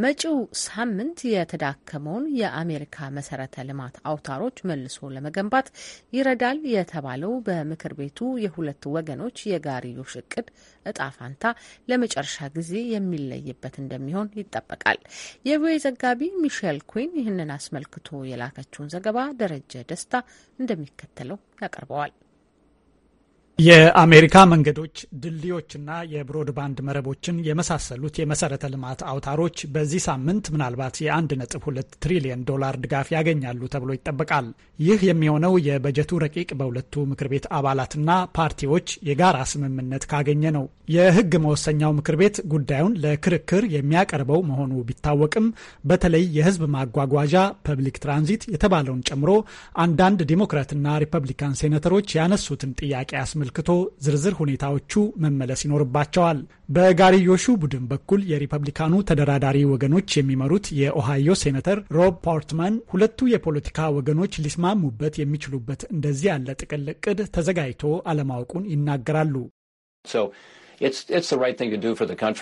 መጪው ሳምንት የተዳከመውን የአሜሪካ መሰረተ ልማት አውታሮች መልሶ ለመገንባት ይረዳል የተባለው በምክር ቤቱ የሁለት ወገኖች የጋርዮሽ እቅድ እጣ ፋንታ ለመጨረሻ ጊዜ የሚለይበት እንደሚሆን ይጠበቃል። የቪኦኤ ዘጋቢ ሚሼል ኩዊን ይህንን አስመልክቶ የላከችውን ዘገባ ደረጀ ደስታ እንደሚከተለው ያቀርበዋል።
የአሜሪካ መንገዶች፣ ድልድዮችና የብሮድባንድ መረቦችን የመሳሰሉት የመሰረተ ልማት አውታሮች በዚህ ሳምንት ምናልባት የ1.2 ትሪሊየን ዶላር ድጋፍ ያገኛሉ ተብሎ ይጠበቃል። ይህ የሚሆነው የበጀቱ ረቂቅ በሁለቱ ምክር ቤት አባላትና ፓርቲዎች የጋራ ስምምነት ካገኘ ነው። የሕግ መወሰኛው ምክር ቤት ጉዳዩን ለክርክር የሚያቀርበው መሆኑ ቢታወቅም በተለይ የህዝብ ማጓጓዣ ፐብሊክ ትራንዚት የተባለውን ጨምሮ አንዳንድ ዲሞክራትና ሪፐብሊካን ሴኔተሮች ያነሱትን ጥያቄ አስመ አስመልክቶ ዝርዝር ሁኔታዎቹ መመለስ ይኖርባቸዋል። በጋርዮሹ ቡድን በኩል የሪፐብሊካኑ ተደራዳሪ ወገኖች የሚመሩት የኦሃዮ ሴኔተር ሮብ ፖርትማን ሁለቱ የፖለቲካ ወገኖች ሊስማሙበት የሚችሉበት እንደዚህ ያለ ጥቅል እቅድ ተዘጋጅቶ አለማወቁን ይናገራሉ።
Uh,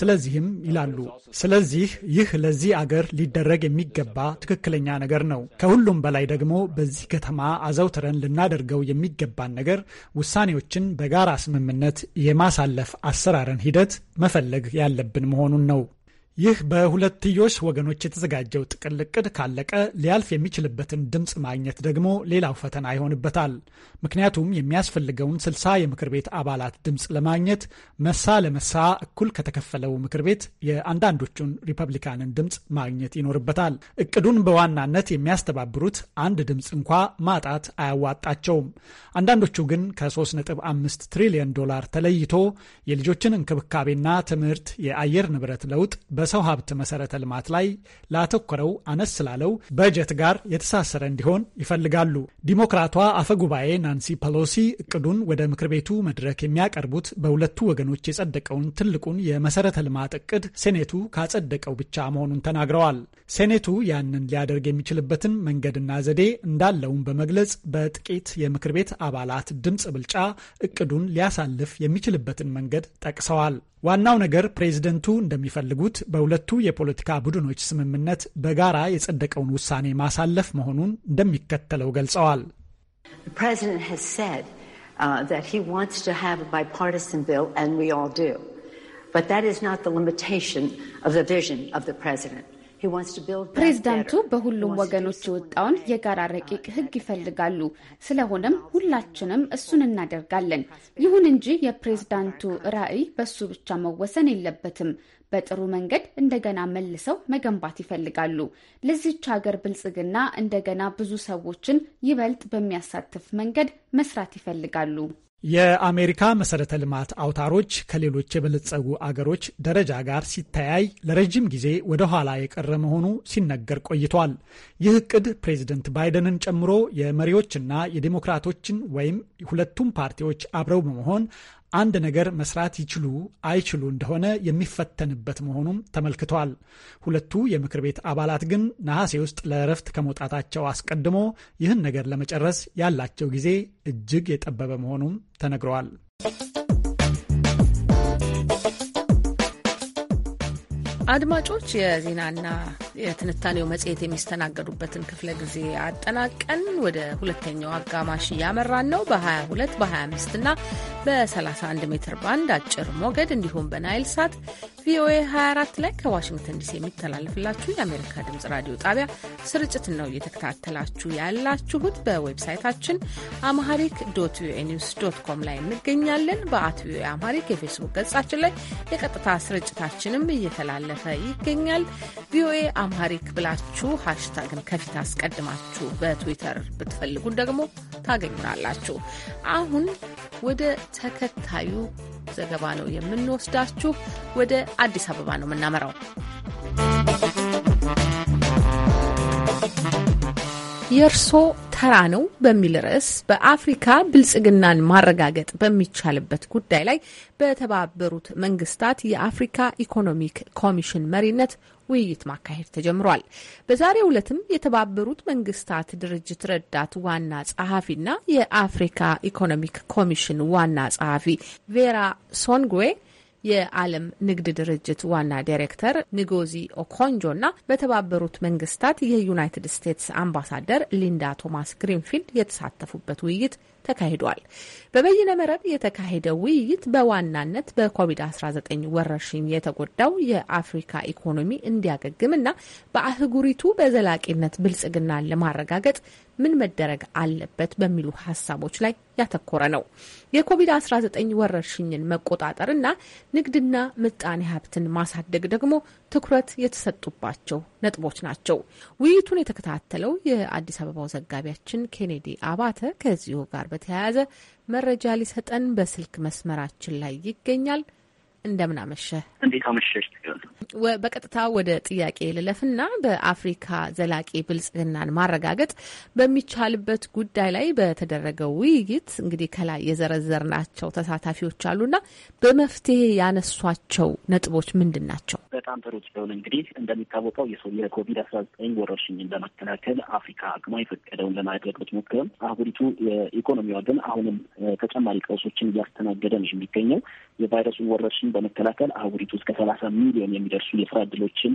ስለዚህም
ይላሉ፣ ስለዚህ ይህ ለዚህ አገር ሊደረግ የሚገባ ትክክለኛ ነገር ነው። ከሁሉም በላይ ደግሞ በዚህ ከተማ አዘውትረን ልናደርገው የሚገባን ነገር ውሳኔዎችን በጋራ ስምምነት የማሳለፍ አሰራርን ሂደት መፈለግ ያለብን መሆኑን ነው። ይህ በሁለትዮሽ ወገኖች የተዘጋጀው ጥቅል እቅድ ካለቀ ሊያልፍ የሚችልበትን ድምፅ ማግኘት ደግሞ ሌላው ፈተና ይሆንበታል። ምክንያቱም የሚያስፈልገውን ስልሳ የምክር ቤት አባላት ድምፅ ለማግኘት መሳ ለመሳ እኩል ከተከፈለው ምክር ቤት የአንዳንዶቹን ሪፐብሊካንን ድምፅ ማግኘት ይኖርበታል። እቅዱን በዋናነት የሚያስተባብሩት አንድ ድምፅ እንኳ ማጣት አያዋጣቸውም። አንዳንዶቹ ግን ከ3.5 ትሪሊዮን ዶላር ተለይቶ የልጆችን እንክብካቤና ትምህርት፣ የአየር ንብረት ለውጥ በ በሰው ሀብት መሰረተ ልማት ላይ ላተኮረው አነስ ስላለው በጀት ጋር የተሳሰረ እንዲሆን ይፈልጋሉ። ዲሞክራቷ አፈጉባኤ ናንሲ ፐሎሲ እቅዱን ወደ ምክር ቤቱ መድረክ የሚያቀርቡት በሁለቱ ወገኖች የጸደቀውን ትልቁን የመሰረተ ልማት እቅድ ሴኔቱ ካጸደቀው ብቻ መሆኑን ተናግረዋል። ሴኔቱ ያንን ሊያደርግ የሚችልበትን መንገድና ዘዴ እንዳለውን በመግለጽ በጥቂት የምክር ቤት አባላት ድምፅ ብልጫ እቅዱን ሊያሳልፍ የሚችልበትን መንገድ ጠቅሰዋል። ዋናው ነገር ፕሬዝደንቱ እንደሚፈልጉት በሁለቱ የፖለቲካ ቡድኖች ስምምነት በጋራ የጸደቀውን ውሳኔ ማሳለፍ መሆኑን እንደሚከተለው ገልጸዋል።
ፕሬዝደንት
ፕሬዝዳንቱ በሁሉም ወገኖች የወጣውን የጋራ ረቂቅ ህግ ይፈልጋሉ። ስለሆነም ሁላችንም እሱን እናደርጋለን። ይሁን እንጂ የፕሬዝዳንቱ ራዕይ በሱ ብቻ መወሰን የለበትም። በጥሩ መንገድ እንደገና መልሰው መገንባት ይፈልጋሉ። ለዚች ሀገር ብልጽግና እንደገና ብዙ ሰዎችን ይበልጥ በሚያሳትፍ መንገድ መስራት ይፈልጋሉ።
የአሜሪካ መሰረተ ልማት አውታሮች ከሌሎች የበለጸጉ አገሮች ደረጃ ጋር ሲተያይ ለረዥም ጊዜ ወደ ኋላ የቀረ መሆኑ ሲነገር ቆይቷል። ይህ እቅድ ፕሬዚደንት ባይደንን ጨምሮ የመሪዎችና የዴሞክራቶችን ወይም ሁለቱም ፓርቲዎች አብረው በመሆን አንድ ነገር መስራት ይችሉ አይችሉ እንደሆነ የሚፈተንበት መሆኑም ተመልክቷል። ሁለቱ የምክር ቤት አባላት ግን ነሐሴ ውስጥ ለእረፍት ከመውጣታቸው አስቀድሞ ይህን ነገር ለመጨረስ ያላቸው ጊዜ እጅግ የጠበበ መሆኑም ተነግረዋል።
አድማጮች የዜናና የትንታኔው መጽሔት የሚስተናገዱበትን ክፍለ ጊዜ አጠናቀን ወደ ሁለተኛው አጋማሽ እያመራን ነው። በ22 በ25 እና በ31 ሜትር ባንድ አጭር ሞገድ እንዲሁም በናይል ሳት ቪኦኤ 24 ላይ ከዋሽንግተን ዲሲ የሚተላለፍላችሁ የአሜሪካ ድምጽ ራዲዮ ጣቢያ ስርጭት ነው እየተከታተላችሁ ያላችሁት። በዌብሳይታችን አምሃሪክ ዶት ቪኦኤ ኒውስ ዶት ኮም ላይ እንገኛለን። በአት ቪኦኤ አምሃሪክ የፌስቡክ ገጻችን ላይ የቀጥታ ስርጭታችንም እየተላለፈ እየተላለፈ ይገኛል። ቪኦኤ አምሃሪክ ብላችሁ ሀሽታግን ከፊት አስቀድማችሁ በትዊተር ብትፈልጉን ደግሞ ታገኙናላችሁ። አሁን ወደ ተከታዩ ዘገባ ነው የምንወስዳችሁ። ወደ አዲስ አበባ ነው የምናመራው። የእርሶ ተራ ነው በሚል ርዕስ በአፍሪካ ብልጽግናን ማረጋገጥ በሚቻልበት ጉዳይ ላይ በተባበሩት መንግስታት የአፍሪካ ኢኮኖሚክ ኮሚሽን መሪነት ውይይት ማካሄድ ተጀምሯል። በዛሬው ዕለትም የተባበሩት መንግስታት ድርጅት ረዳት ዋና ጸሐፊና የአፍሪካ ኢኮኖሚክ ኮሚሽን ዋና ጸሐፊ ቬራ ሶንግዌ የዓለም ንግድ ድርጅት ዋና ዳይሬክተር ንጎዚ ና በተባበሩት መንግስታት የዩናይትድ ስቴትስ አምባሳደር ሊንዳ ቶማስ ግሪንፊልድ የተሳተፉበት ውይይት ተካሂዷል። በበይነ መረብ የተካሄደው ውይይት በዋናነት በኮቪድ-19 ወረርሽኝ የተጎዳው የአፍሪካ ኢኮኖሚ እንዲያገግምና በአህጉሪቱ በዘላቂነት ብልጽግናን ለማረጋገጥ ምን መደረግ አለበት በሚሉ ሀሳቦች ላይ ያተኮረ ነው። የኮቪድ-19 ወረርሽኝን መቆጣጠርና ንግድና ምጣኔ ሀብትን ማሳደግ ደግሞ ትኩረት የተሰጡባቸው ነጥቦች ናቸው። ውይይቱን የተከታተለው የአዲስ አበባው ዘጋቢያችን ኬኔዲ አባተ ከዚሁ ጋር በተያያዘ መረጃ ሊሰጠን በስልክ መስመራችን ላይ ይገኛል። እንደምን አመሸህ። እንዴት አመሸሽ። በቀጥታ ወደ ጥያቄ ልለፍና በአፍሪካ ዘላቂ ብልጽግናን ማረጋገጥ በሚቻልበት ጉዳይ ላይ በተደረገው ውይይት እንግዲህ ከላይ የዘረዘርናቸው ተሳታፊዎች አሉና በመፍትሄ ያነሷቸው ነጥቦች ምንድን ናቸው?
በጣም ጥሩ ሲሆን እንግዲህ እንደሚታወቀው የሰው የኮቪድ አስራ ዘጠኝ ወረርሽኝን ለመከላከል አፍሪካ አቅማ የፈቀደውን ለማድረግ ብትሞክርም አህጉሪቱ የኢኮኖሚዋ ግን አሁንም ተጨማሪ ቀውሶችን እያስተናገደ ነው የሚገኘው የቫይረሱን ወረርሽኝ ወጣቶችን በመከላከል አህጉሪቱ እስከ ሰላሳ ሚሊዮን የሚደርሱ የስራ እድሎችን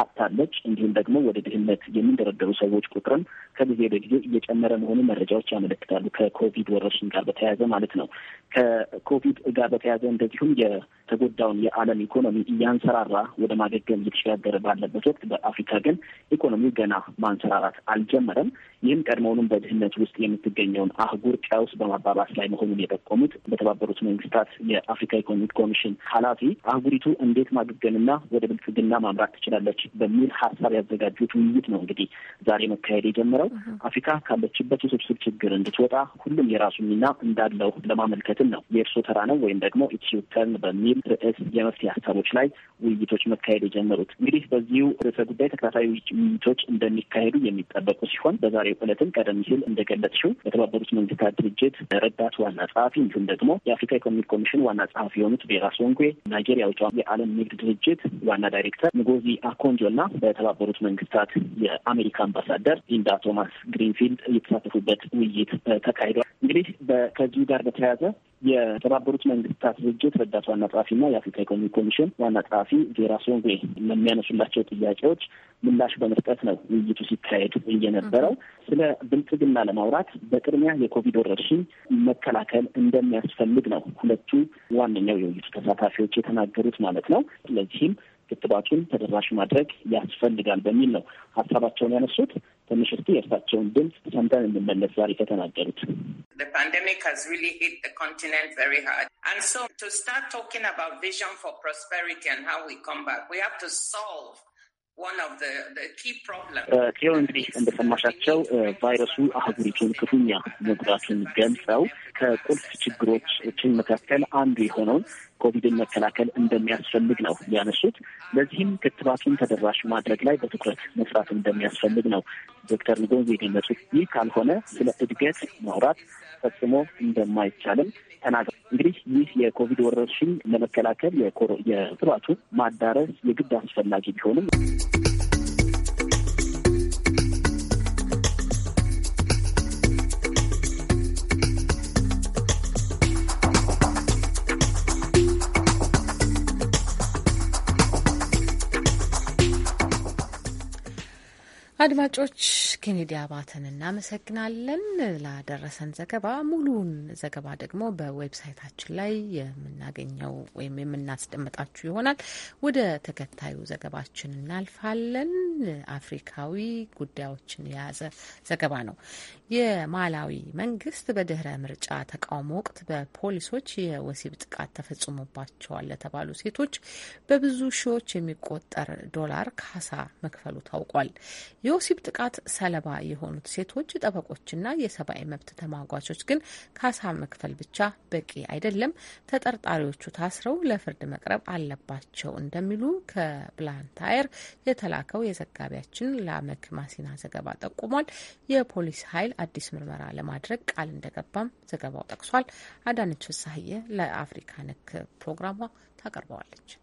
አጥታለች። እንዲሁም ደግሞ ወደ ድህነት የሚንደረደሩ ሰዎች ቁጥርም ከጊዜ ወደ ጊዜ እየጨመረ መሆኑን መረጃዎች ያመለክታሉ። ከኮቪድ ወረርሽኝ ጋር በተያያዘ ማለት ነው። ከኮቪድ ጋር በተያያዘ እንደዚሁም የተጎዳውን የዓለም ኢኮኖሚ እያንሰራራ ወደ ማገገም እየተሸጋገረ ባለበት ወቅት በአፍሪካ ግን ኢኮኖሚው ገና ማንሰራራት አልጀመረም። ይህም ቀድሞውንም በድህነት ውስጥ የምትገኘውን አህጉር ቀውስ በማባባስ ላይ መሆኑን የጠቆሙት በተባበሩት መንግስታት የአፍሪካ ኢኮኖሚክ ኮሚሽን ኃላፊ አህጉሪቱ እንዴት ማገገንና ወደ ብልጽግና ማምራት ትችላለች በሚል ሀሳብ ያዘጋጁት ውይይት ነው እንግዲህ ዛሬ መካሄድ የጀመረው። አፍሪካ ካለችበት ውስብስብ ችግር እንድትወጣ ሁሉም የራሱ ሚና እንዳለው ለማመልከትን ነው። የእርሶ ተራ ነው ወይም ደግሞ ኢትስ ተርን በሚል ርዕስ የመፍትሄ ሀሳቦች ላይ ውይይቶች መካሄድ የጀመሩት እንግዲህ በዚሁ ርዕሰ ጉዳይ ተከታታይ ውይይቶች እንደሚካሄዱ የሚጠበቁ ሲሆን በዛሬው ዕለትም ቀደም ሲል እንደገለጽሽው በተባበሩት መንግስታት ድርጅት ረዳት ዋና ጸሐፊ እንዲሁም ደግሞ የአፍሪካ ኢኮኖሚክ ኮሚሽን ዋና ጸሐፊ የሆኑት ቤራ ሶንጎ ናይጄሪያ ውጫ የዓለም ንግድ ድርጅት ዋና ዳይሬክተር ንጎዚ አኮንጆ እና በተባበሩት መንግስታት የአሜሪካ አምባሳደር ሊንዳ ቶማስ ግሪንፊልድ የተሳተፉበት ውይይት ተካሂዷል። እንግዲህ ከዚሁ ጋር በተያያዘ የተባበሩት መንግስታት ድርጅት ረዳት ዋና ጸሐፊና የአፍሪካ ኢኮኖሚ ኮሚሽን ዋና ጸሐፊ ቬራ ሶንጌ ለሚያነሱላቸው ጥያቄዎች ምላሽ በመስጠት ነው ውይይቱ ሲካሄድ እየነበረው። ስለ ብልጽግና ለማውራት በቅድሚያ የኮቪድ ወረርሽኝ መከላከል እንደሚያስፈልግ ነው ሁለቱ ዋነኛው የውይይቱ ተሳታፊዎች የተናገሩት ማለት ነው። ስለዚህም The pandemic
has really hit the continent very hard. And so to start talking about vision for prosperity and how we come back, we have to solve
ጽዮን uh, እንግዲህ እንደሰማሻቸው uh, ቫይረሱ አህጉሪቱን ክፉኛ መጉዳቱን ገልጸው ከቁልፍ ችግሮችን መካከል አንዱ የሆነውን ኮቪድን መከላከል እንደሚያስፈልግ ነው ያነሱት። ለዚህም ክትባቱን ተደራሽ ማድረግ ላይ በትኩረት መስራት እንደሚያስፈልግ ነው ዶክተር ንጎንዝ የገለጹት። ይህ ካልሆነ ስለ እድገት ማውራት ፈጽሞ እንደማይቻልም ተናግረው እንግዲህ ይህ የኮቪድ ወረርሽኝ ለመከላከል የስርዓቱ ማዳረስ የግድ አስፈላጊ ቢሆንም
አድማጮች ኬኔዲ አባተን እናመሰግናለን ላደረሰን ዘገባ። ሙሉውን ዘገባ ደግሞ በዌብሳይታችን ላይ የምናገኘው ወይም የምናስደምጣችሁ ይሆናል። ወደ ተከታዩ ዘገባችን እናልፋለን። አፍሪካዊ ጉዳዮችን የያዘ ዘገባ ነው። የማላዊ መንግስት በድህረ ምርጫ ተቃውሞ ወቅት በፖሊሶች የወሲብ ጥቃት ተፈጽሞባቸዋል ለተባሉ ሴቶች በብዙ ሺዎች የሚቆጠር ዶላር ካሳ መክፈሉ ታውቋል። የወሲብ ጥቃት ሰለባ የሆኑት ሴቶች ጠበቆችና የሰብአዊ መብት ተሟጓቾች ግን ካሳ መክፈል ብቻ በቂ አይደለም፣ ተጠርጣሪዎቹ ታስረው ለፍርድ መቅረብ አለባቸው እንደሚሉ ከብላንታየር የተላከው የዘጋቢያችን ላመክ ማሲና ዘገባ ጠቁሟል። የፖሊስ ኃይል አዲስ ምርመራ ለማድረግ ቃል እንደገባም ዘገባው ጠቅሷል። አዳነች ፍሳሀየ ለአፍሪካ ነክ ፕሮግራሟ ታቀርበዋለች።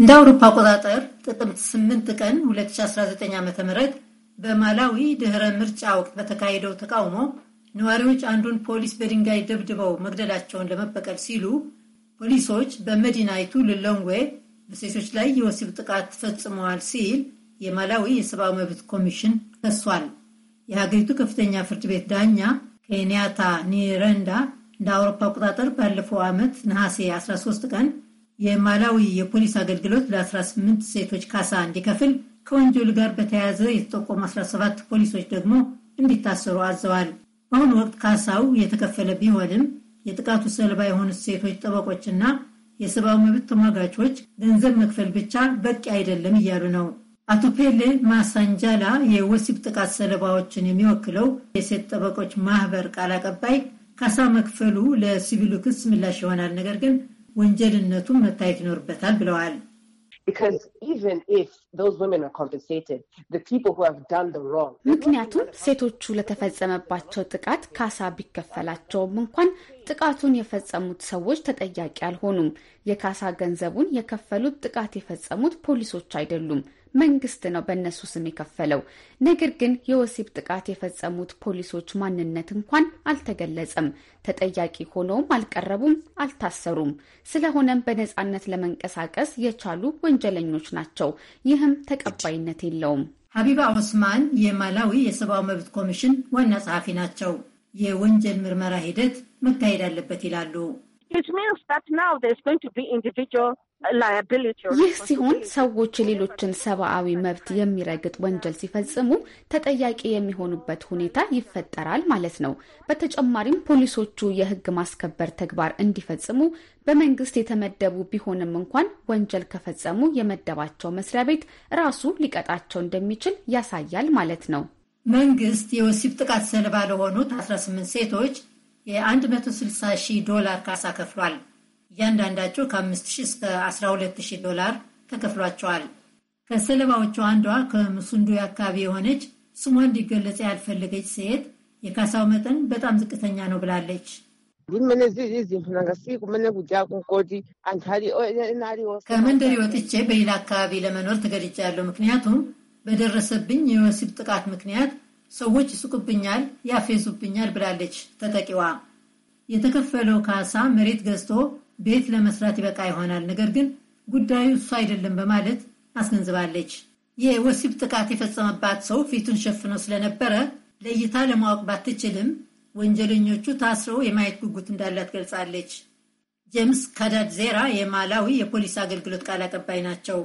እንደ አውሮፓ
አቆጣጠር ጥቅምት 8 ቀን 2019 ም በማላዊ ድህረ ምርጫ ወቅት በተካሄደው ተቃውሞ ነዋሪዎች አንዱን ፖሊስ በድንጋይ ደብድበው መግደላቸውን ለመበቀል ሲሉ ፖሊሶች በመዲናይቱ ልሎንግዌ በሴቶች ላይ የወሲብ ጥቃት ፈጽመዋል ሲል የማላዊ የሰብአዊ መብት ኮሚሽን ከሷል። የሀገሪቱ ከፍተኛ ፍርድ ቤት ዳኛ ኬንያታ ኒረንዳ እንደ አውሮፓ አቆጣጠር ባለፈው ዓመት ነሐሴ 13 ቀን የማላዊ የፖሊስ አገልግሎት ለ18 ሴቶች ካሳ እንዲከፍል፣ ከወንጀሉ ጋር በተያያዘ የተጠቆሙ 17 ፖሊሶች ደግሞ እንዲታሰሩ አዘዋል። በአሁኑ ወቅት ካሳው የተከፈለ ቢሆንም የጥቃቱ ሰለባ የሆኑት ሴቶች ጠበቆችና የሰብአዊ መብት ተሟጋቾች ገንዘብ መክፈል ብቻ በቂ አይደለም እያሉ ነው። አቶ ፔሌ ማሳንጃላ የወሲብ ጥቃት ሰለባዎችን የሚወክለው የሴት ጠበቆች ማህበር ቃል አቀባይ ካሳ መክፈሉ ለሲቪሉ ክስ ምላሽ ይሆናል፣ ነገር ግን ወንጀልነቱ መታየት ይኖርበታል ብለዋል።
ምክንያቱም ሴቶቹ ለተፈጸመባቸው ጥቃት ካሳ ቢከፈላቸውም እንኳን ጥቃቱን የፈጸሙት ሰዎች ተጠያቂ አልሆኑም። የካሳ ገንዘቡን የከፈሉት ጥቃት የፈጸሙት ፖሊሶች አይደሉም። መንግስት ነው በእነሱ ስም የከፈለው። ነገር ግን የወሲብ ጥቃት የፈጸሙት ፖሊሶች ማንነት እንኳን አልተገለጸም። ተጠያቂ ሆነውም አልቀረቡም፣ አልታሰሩም። ስለሆነም በነፃነት ለመንቀሳቀስ የቻሉ ወንጀለኞች ናቸው። ይህም ተቀባይነት የለውም።
ሀቢባ ዑስማን የማላዊ የሰብአዊ መብት ኮሚሽን ዋና ጸሐፊ ናቸው። የወንጀል ምርመራ ሂደት መካሄድ አለበት ይላሉ።
ይህ ሲሆን ሰዎች የሌሎችን ሰብአዊ መብት የሚረግጥ ወንጀል ሲፈጽሙ ተጠያቂ የሚሆኑበት ሁኔታ ይፈጠራል ማለት ነው። በተጨማሪም ፖሊሶቹ የሕግ ማስከበር ተግባር እንዲፈጽሙ በመንግስት የተመደቡ ቢሆንም እንኳን ወንጀል ከፈጸሙ የመደባቸው መስሪያ ቤት ራሱ ሊቀጣቸው እንደሚችል ያሳያል ማለት ነው። መንግስት
የወሲብ ጥቃት ሰለባ ለሆኑት 18 ሴቶች የ160 ሺህ ዶላር ካሳ ከፍሏል። እያንዳንዳቸው ከ5000 እስከ 12000 ዶላር ተከፍሏቸዋል። ከሰለባዎቹ አንዷ ከምሱንዱ አካባቢ የሆነች ስሟ እንዲገለጽ ያልፈለገች ሴት የካሳው መጠን በጣም ዝቅተኛ ነው ብላለች።
ከመንደር ወጥቼ
በሌላ አካባቢ ለመኖር ተገድጃለሁ። ምክንያቱም በደረሰብኝ የወሲብ ጥቃት ምክንያት ሰዎች ይስቁብኛል፣ ያፌዙብኛል ብላለች ተጠቂዋ። የተከፈለው ካሳ መሬት ገዝቶ ቤት ለመስራት ይበቃ ይሆናል፣ ነገር ግን ጉዳዩ እሱ አይደለም በማለት አስገንዝባለች። የወሲብ ጥቃት የፈጸመባት ሰው ፊቱን ሸፍኖ ስለነበረ ለእይታ ለማወቅ ባትችልም ወንጀለኞቹ ታስረው የማየት ጉጉት እንዳላት ገልጻለች። ጄምስ ካዳድዜራ የማላዊ የፖሊስ አገልግሎት ቃል አቀባይ ናቸው።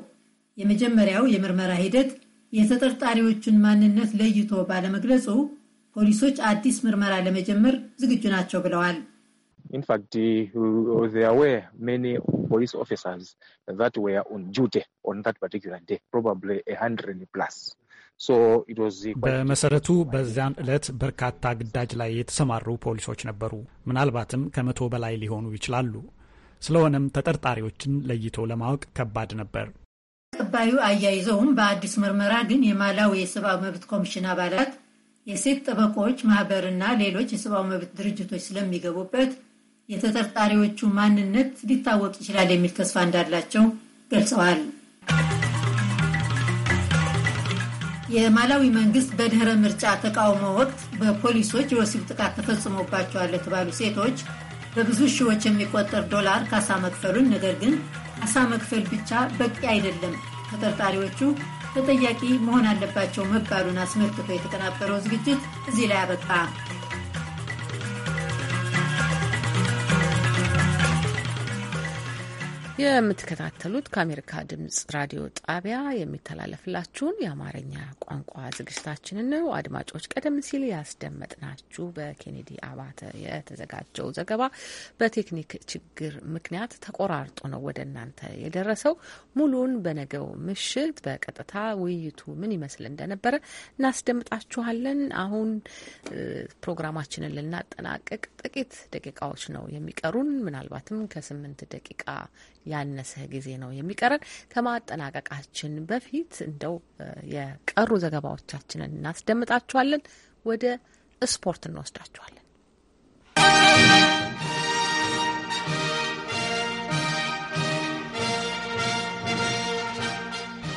የመጀመሪያው የምርመራ ሂደት የተጠርጣሪዎቹን ማንነት ለይቶ ባለመግለጹ ፖሊሶች አዲስ ምርመራ ለመጀመር ዝግጁ ናቸው ብለዋል።
In fact, uh, there were many police officers that were on duty on that particular day, probably a hundred plus. Uh,
በመሰረቱ በዚያን ዕለት በርካታ ግዳጅ ላይ የተሰማሩ ፖሊሶች ነበሩ። ምናልባትም ከመቶ በላይ ሊሆኑ ይችላሉ። ስለሆነም ተጠርጣሪዎችን ለይቶ ለማወቅ ከባድ ነበር።
ተቀባዩ አያይዘውም በአዲስ ምርመራ ግን የማላዊ የሰብአዊ መብት ኮሚሽን አባላት፣ የሴት ጠበቆች ማህበርና ሌሎች የሰብአዊ መብት ድርጅቶች ስለሚገቡበት የተጠርጣሪዎቹ ማንነት ሊታወቅ ይችላል የሚል ተስፋ እንዳላቸው ገልጸዋል። የማላዊ መንግስት በድህረ ምርጫ ተቃውሞ ወቅት በፖሊሶች የወሲብ ጥቃት ተፈጽሞባቸዋል ለተባሉ ሴቶች በብዙ ሺዎች የሚቆጠር ዶላር ካሳ መክፈሉን፣ ነገር ግን ካሳ መክፈል ብቻ በቂ አይደለም፣ ተጠርጣሪዎቹ ተጠያቂ መሆን አለባቸው መባሉን አስመልክቶ የተቀናበረው ዝግጅት
እዚህ ላይ አበቃ። የምትከታተሉት ከአሜሪካ ድምጽ ራዲዮ ጣቢያ የሚተላለፍላችሁን የአማርኛ ቋንቋ ዝግጅታችንን ነው። አድማጮች፣ ቀደም ሲል ያስደመጥናችሁ በኬኔዲ አባተ የተዘጋጀው ዘገባ በቴክኒክ ችግር ምክንያት ተቆራርጦ ነው ወደ እናንተ የደረሰው። ሙሉን በነገው ምሽት በቀጥታ ውይይቱ ምን ይመስል እንደነበረ እናስደምጣችኋለን። አሁን ፕሮግራማችንን ልናጠናቅቅ ጥቂት ደቂቃዎች ነው የሚቀሩን። ምናልባትም ከስምንት ደቂቃ ያነሰ ጊዜ ነው የሚቀረን። ከማጠናቀቃችን በፊት እንደው የቀሩ ዘገባዎቻችንን እናስደምጣችኋለን። ወደ ስፖርት እንወስዳችኋለን።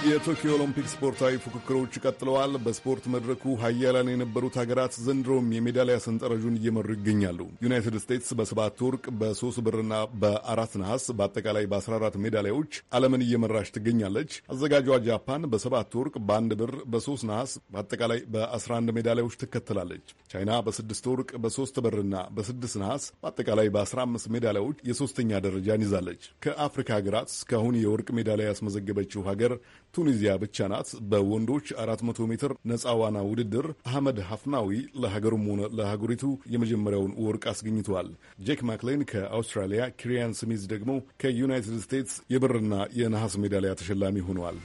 የቶኪዮ ኦሎምፒክ ስፖርታዊ ፉክክሮች ቀጥለዋል። በስፖርት መድረኩ ሀያላን የነበሩት ሀገራት ዘንድሮም የሜዳሊያ ሰንጠረዡን እየመሩ ይገኛሉ። ዩናይትድ ስቴትስ በሰባት ወርቅ፣ በሶስት ብርና በአራት ነሐስ በአጠቃላይ በ14 ሜዳሊያዎች ዓለምን እየመራች ትገኛለች። አዘጋጇ ጃፓን በሰባት ወርቅ፣ በአንድ ብር፣ በሶስት ነሐስ በአጠቃላይ በ11 ሜዳሊያዎች ትከተላለች። ቻይና በስድስት ወርቅ፣ በሶስት ብርና በስድስት ነሐስ በአጠቃላይ በ15 ሜዳሊያዎች የሶስተኛ ደረጃን ይዛለች። ከአፍሪካ ሀገራት እስካሁን የወርቅ ሜዳሊያ ያስመዘገበችው ሀገር ቱኒዚያ ብቻ ናት በወንዶች 400 ሜትር ነፃ ዋና ውድድር አህመድ ሀፍናዊ ለሀገሩም ሆነ ለሀገሪቱ የመጀመሪያውን ወርቅ አስገኝተዋል። ጄክ ማክሌን ከአውስትራሊያ፣ ኪሪያን ስሚዝ ደግሞ ከዩናይትድ ስቴትስ የብርና የነሐስ ሜዳሊያ ተሸላሚ ሆነዋል።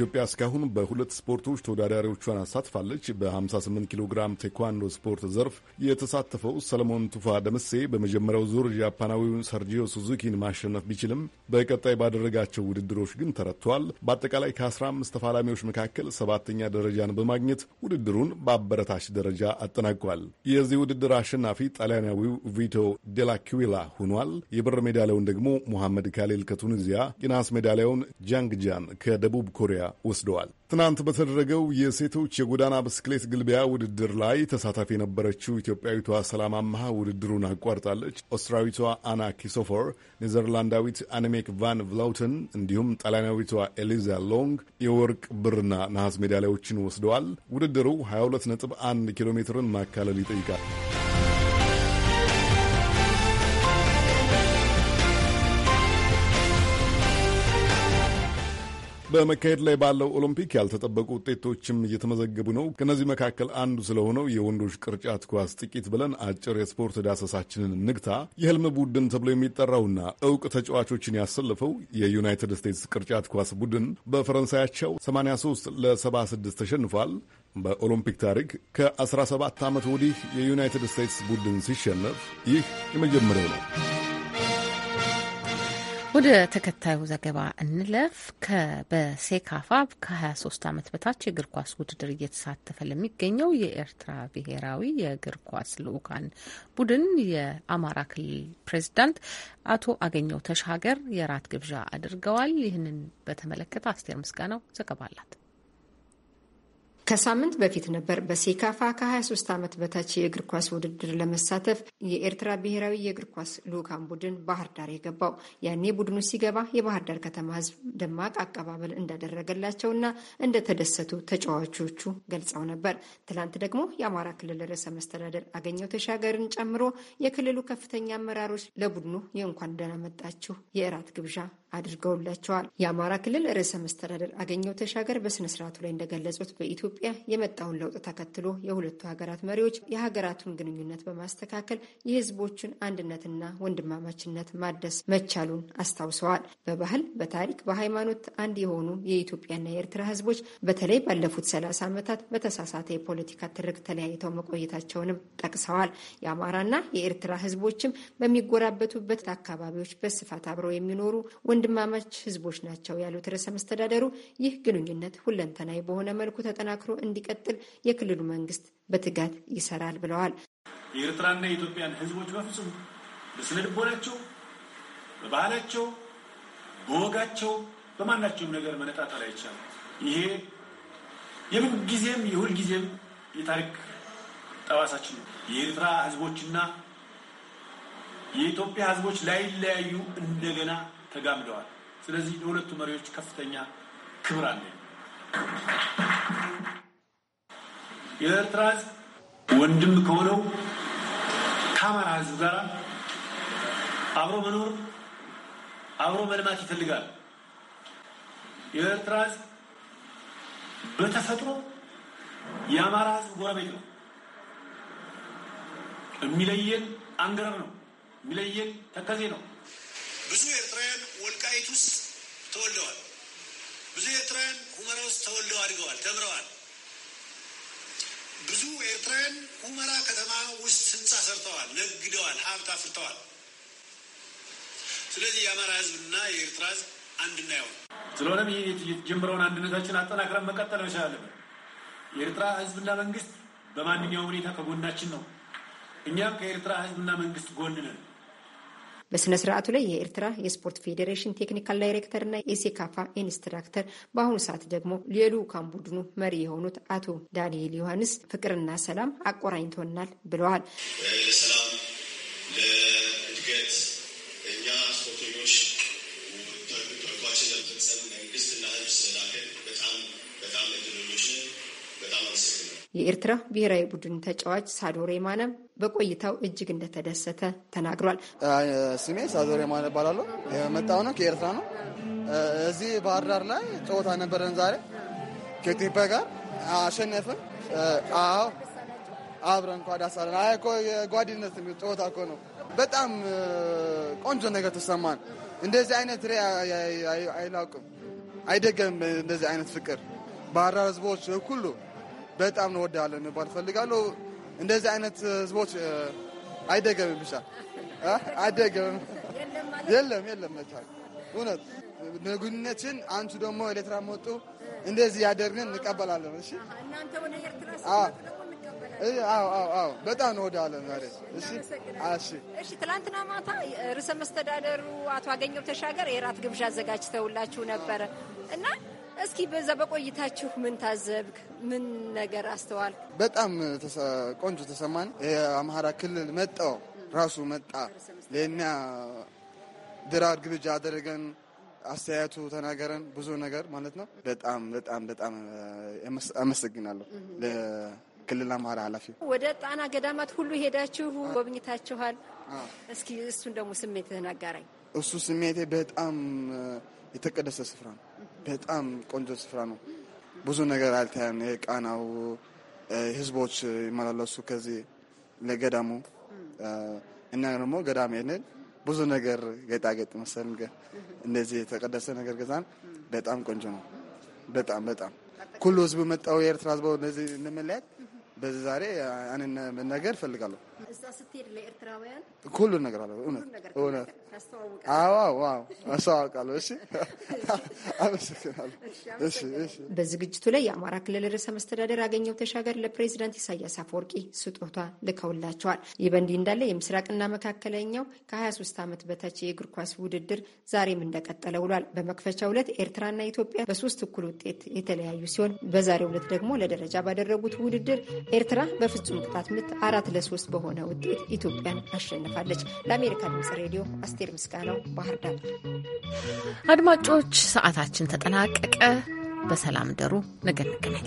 ኢትዮጵያ እስካሁን በሁለት ስፖርቶች ተወዳዳሪዎቿን አሳትፋለች። በ58 ኪሎ ግራም ቴኳንዶ ስፖርት ዘርፍ የተሳተፈው ሰለሞን ቱፋ ደምሴ በመጀመሪያው ዙር ጃፓናዊውን ሰርጂዮ ሱዙኪን ማሸነፍ ቢችልም በቀጣይ ባደረጋቸው ውድድሮች ግን ተረትተዋል። በአጠቃላይ ከ15 ተፋላሚዎች መካከል ሰባተኛ ደረጃን በማግኘት ውድድሩን በአበረታች ደረጃ አጠናቋል። የዚህ ውድድር አሸናፊ ጣሊያናዊው ቪቶ ዴላኪዊላ ሆኗል። የብር ሜዳሊያውን ደግሞ ሙሐመድ ካሌል ከቱኒዚያ፣ የናስ ሜዳሊያውን ጃንግጃን ከደቡብ ኮሪያ ወስደዋል። ትናንት በተደረገው የሴቶች የጎዳና ብስክሌት ግልቢያ ውድድር ላይ ተሳታፊ የነበረችው ኢትዮጵያዊቷ ሰላም አመሃ ውድድሩን አቋርጣለች። ኦስትራዊቷ አና ኪሶፎር፣ ኔዘርላንዳዊት አኒሜክ ቫን ቭላውተን እንዲሁም ጣሊያናዊቷ ኤሊዛ ሎንግ የወርቅ ብርና ነሐስ ሜዳሊያዎችን ወስደዋል። ውድድሩ 22.1 ኪሎ ሜትርን ማካለል ይጠይቃል። በመካሄድ ላይ ባለው ኦሎምፒክ ያልተጠበቁ ውጤቶችም እየተመዘገቡ ነው። ከነዚህ መካከል አንዱ ስለሆነው የወንዶች ቅርጫት ኳስ ጥቂት ብለን አጭር የስፖርት ዳሰሳችንን ንግታ። የህልም ቡድን ተብሎ የሚጠራውና እውቅ ተጫዋቾችን ያሰለፈው የዩናይትድ ስቴትስ ቅርጫት ኳስ ቡድን በፈረንሳያቸው 83 ለ76 ተሸንፏል። በኦሎምፒክ ታሪክ ከ17 ዓመት ወዲህ የዩናይትድ ስቴትስ ቡድን ሲሸነፍ ይህ የመጀመሪያው ነው።
ወደ ተከታዩ ዘገባ እንለፍ። በሴካፋ ከ23 ዓመት በታች የእግር ኳስ ውድድር እየተሳተፈ ለሚገኘው የኤርትራ ብሔራዊ የእግር ኳስ ልዑካን ቡድን የአማራ ክልል ፕሬዚዳንት አቶ አገኘው ተሻገር የራት ግብዣ አድርገዋል። ይህንን በተመለከተ አስቴር ምስጋናው ዘገባ አላት።
ከሳምንት በፊት ነበር በሴካፋ ከ23 ዓመት በታች የእግር ኳስ ውድድር ለመሳተፍ የኤርትራ ብሔራዊ የእግር ኳስ ልዑካን ቡድን ባህር ዳር የገባው። ያኔ ቡድኑ ሲገባ የባህር ዳር ከተማ ሕዝብ ደማቅ አቀባበል እንዳደረገላቸውና እንደተደሰቱ ተጫዋቾቹ ገልጸው ነበር። ትላንት ደግሞ የአማራ ክልል ርዕሰ መስተዳደር አገኘው ተሻገርን ጨምሮ የክልሉ ከፍተኛ አመራሮች ለቡድኑ የእንኳን ደህና መጣችሁ የእራት ግብዣ አድርገውላቸዋል። የአማራ ክልል ርዕሰ መስተዳደር አገኘው ተሻገር በስነ ስርዓቱ ላይ እንደገለጹት በኢትዮጵያ የመጣውን ለውጥ ተከትሎ የሁለቱ ሀገራት መሪዎች የሀገራቱን ግንኙነት በማስተካከል የህዝቦችን አንድነትና ወንድማማችነት ማደስ መቻሉን አስታውሰዋል። በባህል፣ በታሪክ፣ በሃይማኖት አንድ የሆኑ የኢትዮጵያና የኤርትራ ህዝቦች በተለይ ባለፉት ሰላሳ ዓመታት በተሳሳተ የፖለቲካ ትርክ ተለያይተው መቆየታቸውንም ጠቅሰዋል። የአማራና የኤርትራ ህዝቦችም በሚጎራበቱበት አካባቢዎች በስፋት አብረው የሚኖሩ ወንድማማች ህዝቦች ናቸው ያሉት ርዕሰ መስተዳደሩ ይህ ግንኙነት ሁለንተናዊ በሆነ መልኩ ተጠናክሮ እንዲቀጥል የክልሉ መንግስት በትጋት ይሰራል ብለዋል።
የኤርትራና የኢትዮጵያን ህዝቦች በፍጹም በስነ ልቦናቸው፣ በባህላቸው፣ በወጋቸው በማናቸውም ነገር መነጣጠል አይቻልም። ይሄ የምን ጊዜም የሁል ጊዜም የታሪክ ጠባሳችን ነው። የኤርትራ ህዝቦችና የኢትዮጵያ ህዝቦች ላይለያዩ እንደገና ተጋምደዋል። ስለዚህ ለሁለቱ መሪዎች ከፍተኛ ክብር አለ። የኤርትራ ሕዝብ ወንድም ከሆነው ከአማራ ህዝብ ጋር አብሮ መኖር አብሮ መልማት ይፈልጋል። የኤርትራ ሕዝብ በተፈጥሮ የአማራ ህዝብ ጎረቤት ነው። የሚለየን አንገረብ ነው። የሚለየን ተከዜ ነው። ብዙ ኤርትራውያን ወልቃይት ውስጥ ተወልደዋል። ብዙ ኤርትራውያን ሁመራ ውስጥ ተወልደው አድገዋል፣ ተምረዋል። ብዙ ኤርትራውያን ሁመራ ከተማ ውስጥ ህንፃ ሰርተዋል፣ ነግደዋል፣ ሀብት አፍርተዋል። ስለዚህ የአማራ ህዝብና የኤርትራ ህዝብ አንድና እናየሆነ ስለሆነም ይህ የተጀመረውን አንድነታችን አጠናክረን መቀጠል መቻል የኤርትራ ህዝብና መንግስት በማንኛውም ሁኔታ ከጎናችን ነው። እኛም ከኤርትራ ህዝብና መንግስት ጎን ነን።
በስነ ስርዓቱ ላይ የኤርትራ የስፖርት ፌዴሬሽን ቴክኒካል ዳይሬክተር እና የሴካፋ ኢንስትራክተር በአሁኑ ሰዓት ደግሞ የልዑካን ቡድኑ መሪ የሆኑት አቶ ዳንኤል ዮሐንስ ፍቅርና ሰላም አቆራኝቶናል ብለዋል። የኤርትራ ብሔራዊ ቡድን ተጫዋች ሳዶሬ ማነ በቆይታው እጅግ እንደተደሰተ ተናግሯል።
ስሜ ሳዶሬ ማነ እባላለሁ። የመጣው ነው ከኤርትራ ነው። እዚህ ባህር ዳር ላይ ጨዋታ ነበረን ዛሬ ከኢትዮጵያ ጋር አሸነፍን። አዎ አብረን እንኳ ዳሳለን። አይ እኮ የጓደኝነት ጨዋታ እኮ ነው። በጣም ቆንጆ ነገር ተሰማን። እንደዚህ አይነት ሬ አይላውቅም አይደገም እንደዚህ አይነት ፍቅር ባህር ዳር ህዝቦች ሁሉ በጣም ነው ወዳለን ባል ፈልጋለሁ። እንደዚህ አይነት ህዝቦች አይደገምም፣ ብቻ አይደገምም። የለም የለም፣ መቻል እውነት ንጉነችን አንቱ ደግሞ ኤሌትራ መጡ እንደዚህ ያደርግን እንቀበላለን። እሺ በጣም እንወዳለን።
እሺ ትላንትና ማታ ርዕሰ መስተዳደሩ አቶ አገኘው ተሻገር የራት ግብዣ አዘጋጅተውላችሁ ነበረ እና እስኪ በዛ በቆይታችሁ ምን ታዘብክ? ምን ነገር አስተዋል?
በጣም ቆንጆ ተሰማን። የአማራ ክልል መጣው ራሱ መጣ ለእኛ ድራር ግብዣ አደረገን። አስተያየቱ ተናገረን፣ ብዙ ነገር ማለት ነው። በጣም በጣም በጣም አመሰግናለሁ ለክልል አማራ ኃላፊ።
ወደ ጣና ገዳማት ሁሉ ሄዳችሁ ጎብኝታችኋል። እስኪ እሱን ደግሞ ስሜት ተናጋራኝ።
እሱ ስሜቴ በጣም የተቀደሰ ስፍራ ነው። በጣም ቆንጆ ስፍራ ነው። ብዙ ነገር አልታያን። የቃናው ህዝቦች ይመላለሱ ከዚህ ለገዳሙ እና ደግሞ ገዳም የንል ብዙ ነገር ጌጣጌጥ መሰል እንደዚህ የተቀደሰ ነገር ገዛን። በጣም ቆንጆ ነው። በጣም በጣም ሁሉ ህዝብ መጣው የኤርትራ ህዝቦ እነዚህ እንመለያት በዚህ ዛሬ አንነ መናገር እፈልጋለሁ። እዛ ስትሄድ ለኤርትራውያን ሁሉን ነገር አለ። እውነት እውነት። አስተዋውቃለሁ። እሺ፣ አመሰግናለሁ።
በዝግጅቱ ላይ የአማራ ክልል ርዕሰ መስተዳደር አገኘው ተሻገር ለፕሬዚዳንት ኢሳያስ አፈወርቂ ስጦታ ልከውላቸዋል። ይህ በእንዲህ እንዳለ የምስራቅና መካከለኛው ከ23 ዓመት በታች የእግር ኳስ ውድድር ዛሬም እንደቀጠለ ውሏል። በመክፈቻው ዕለት ኤርትራና ኢትዮጵያ በሶስት እኩል ውጤት የተለያዩ ሲሆን በዛሬው ዕለት ደግሞ ለደረጃ ባደረጉት ውድድር ኤርትራ በፍጹም ቅጣት ምት አራት ለሶስት በሆነ በሆነ ውጤት ኢትዮጵያን አሸንፋለች። ለአሜሪካ ድምጽ ሬዲዮ አስቴር ምስጋናው ባህር ዳር።
አድማጮች፣ ሰዓታችን ተጠናቀቀ። በሰላም ደሩ። ነገ እንገናኛለን።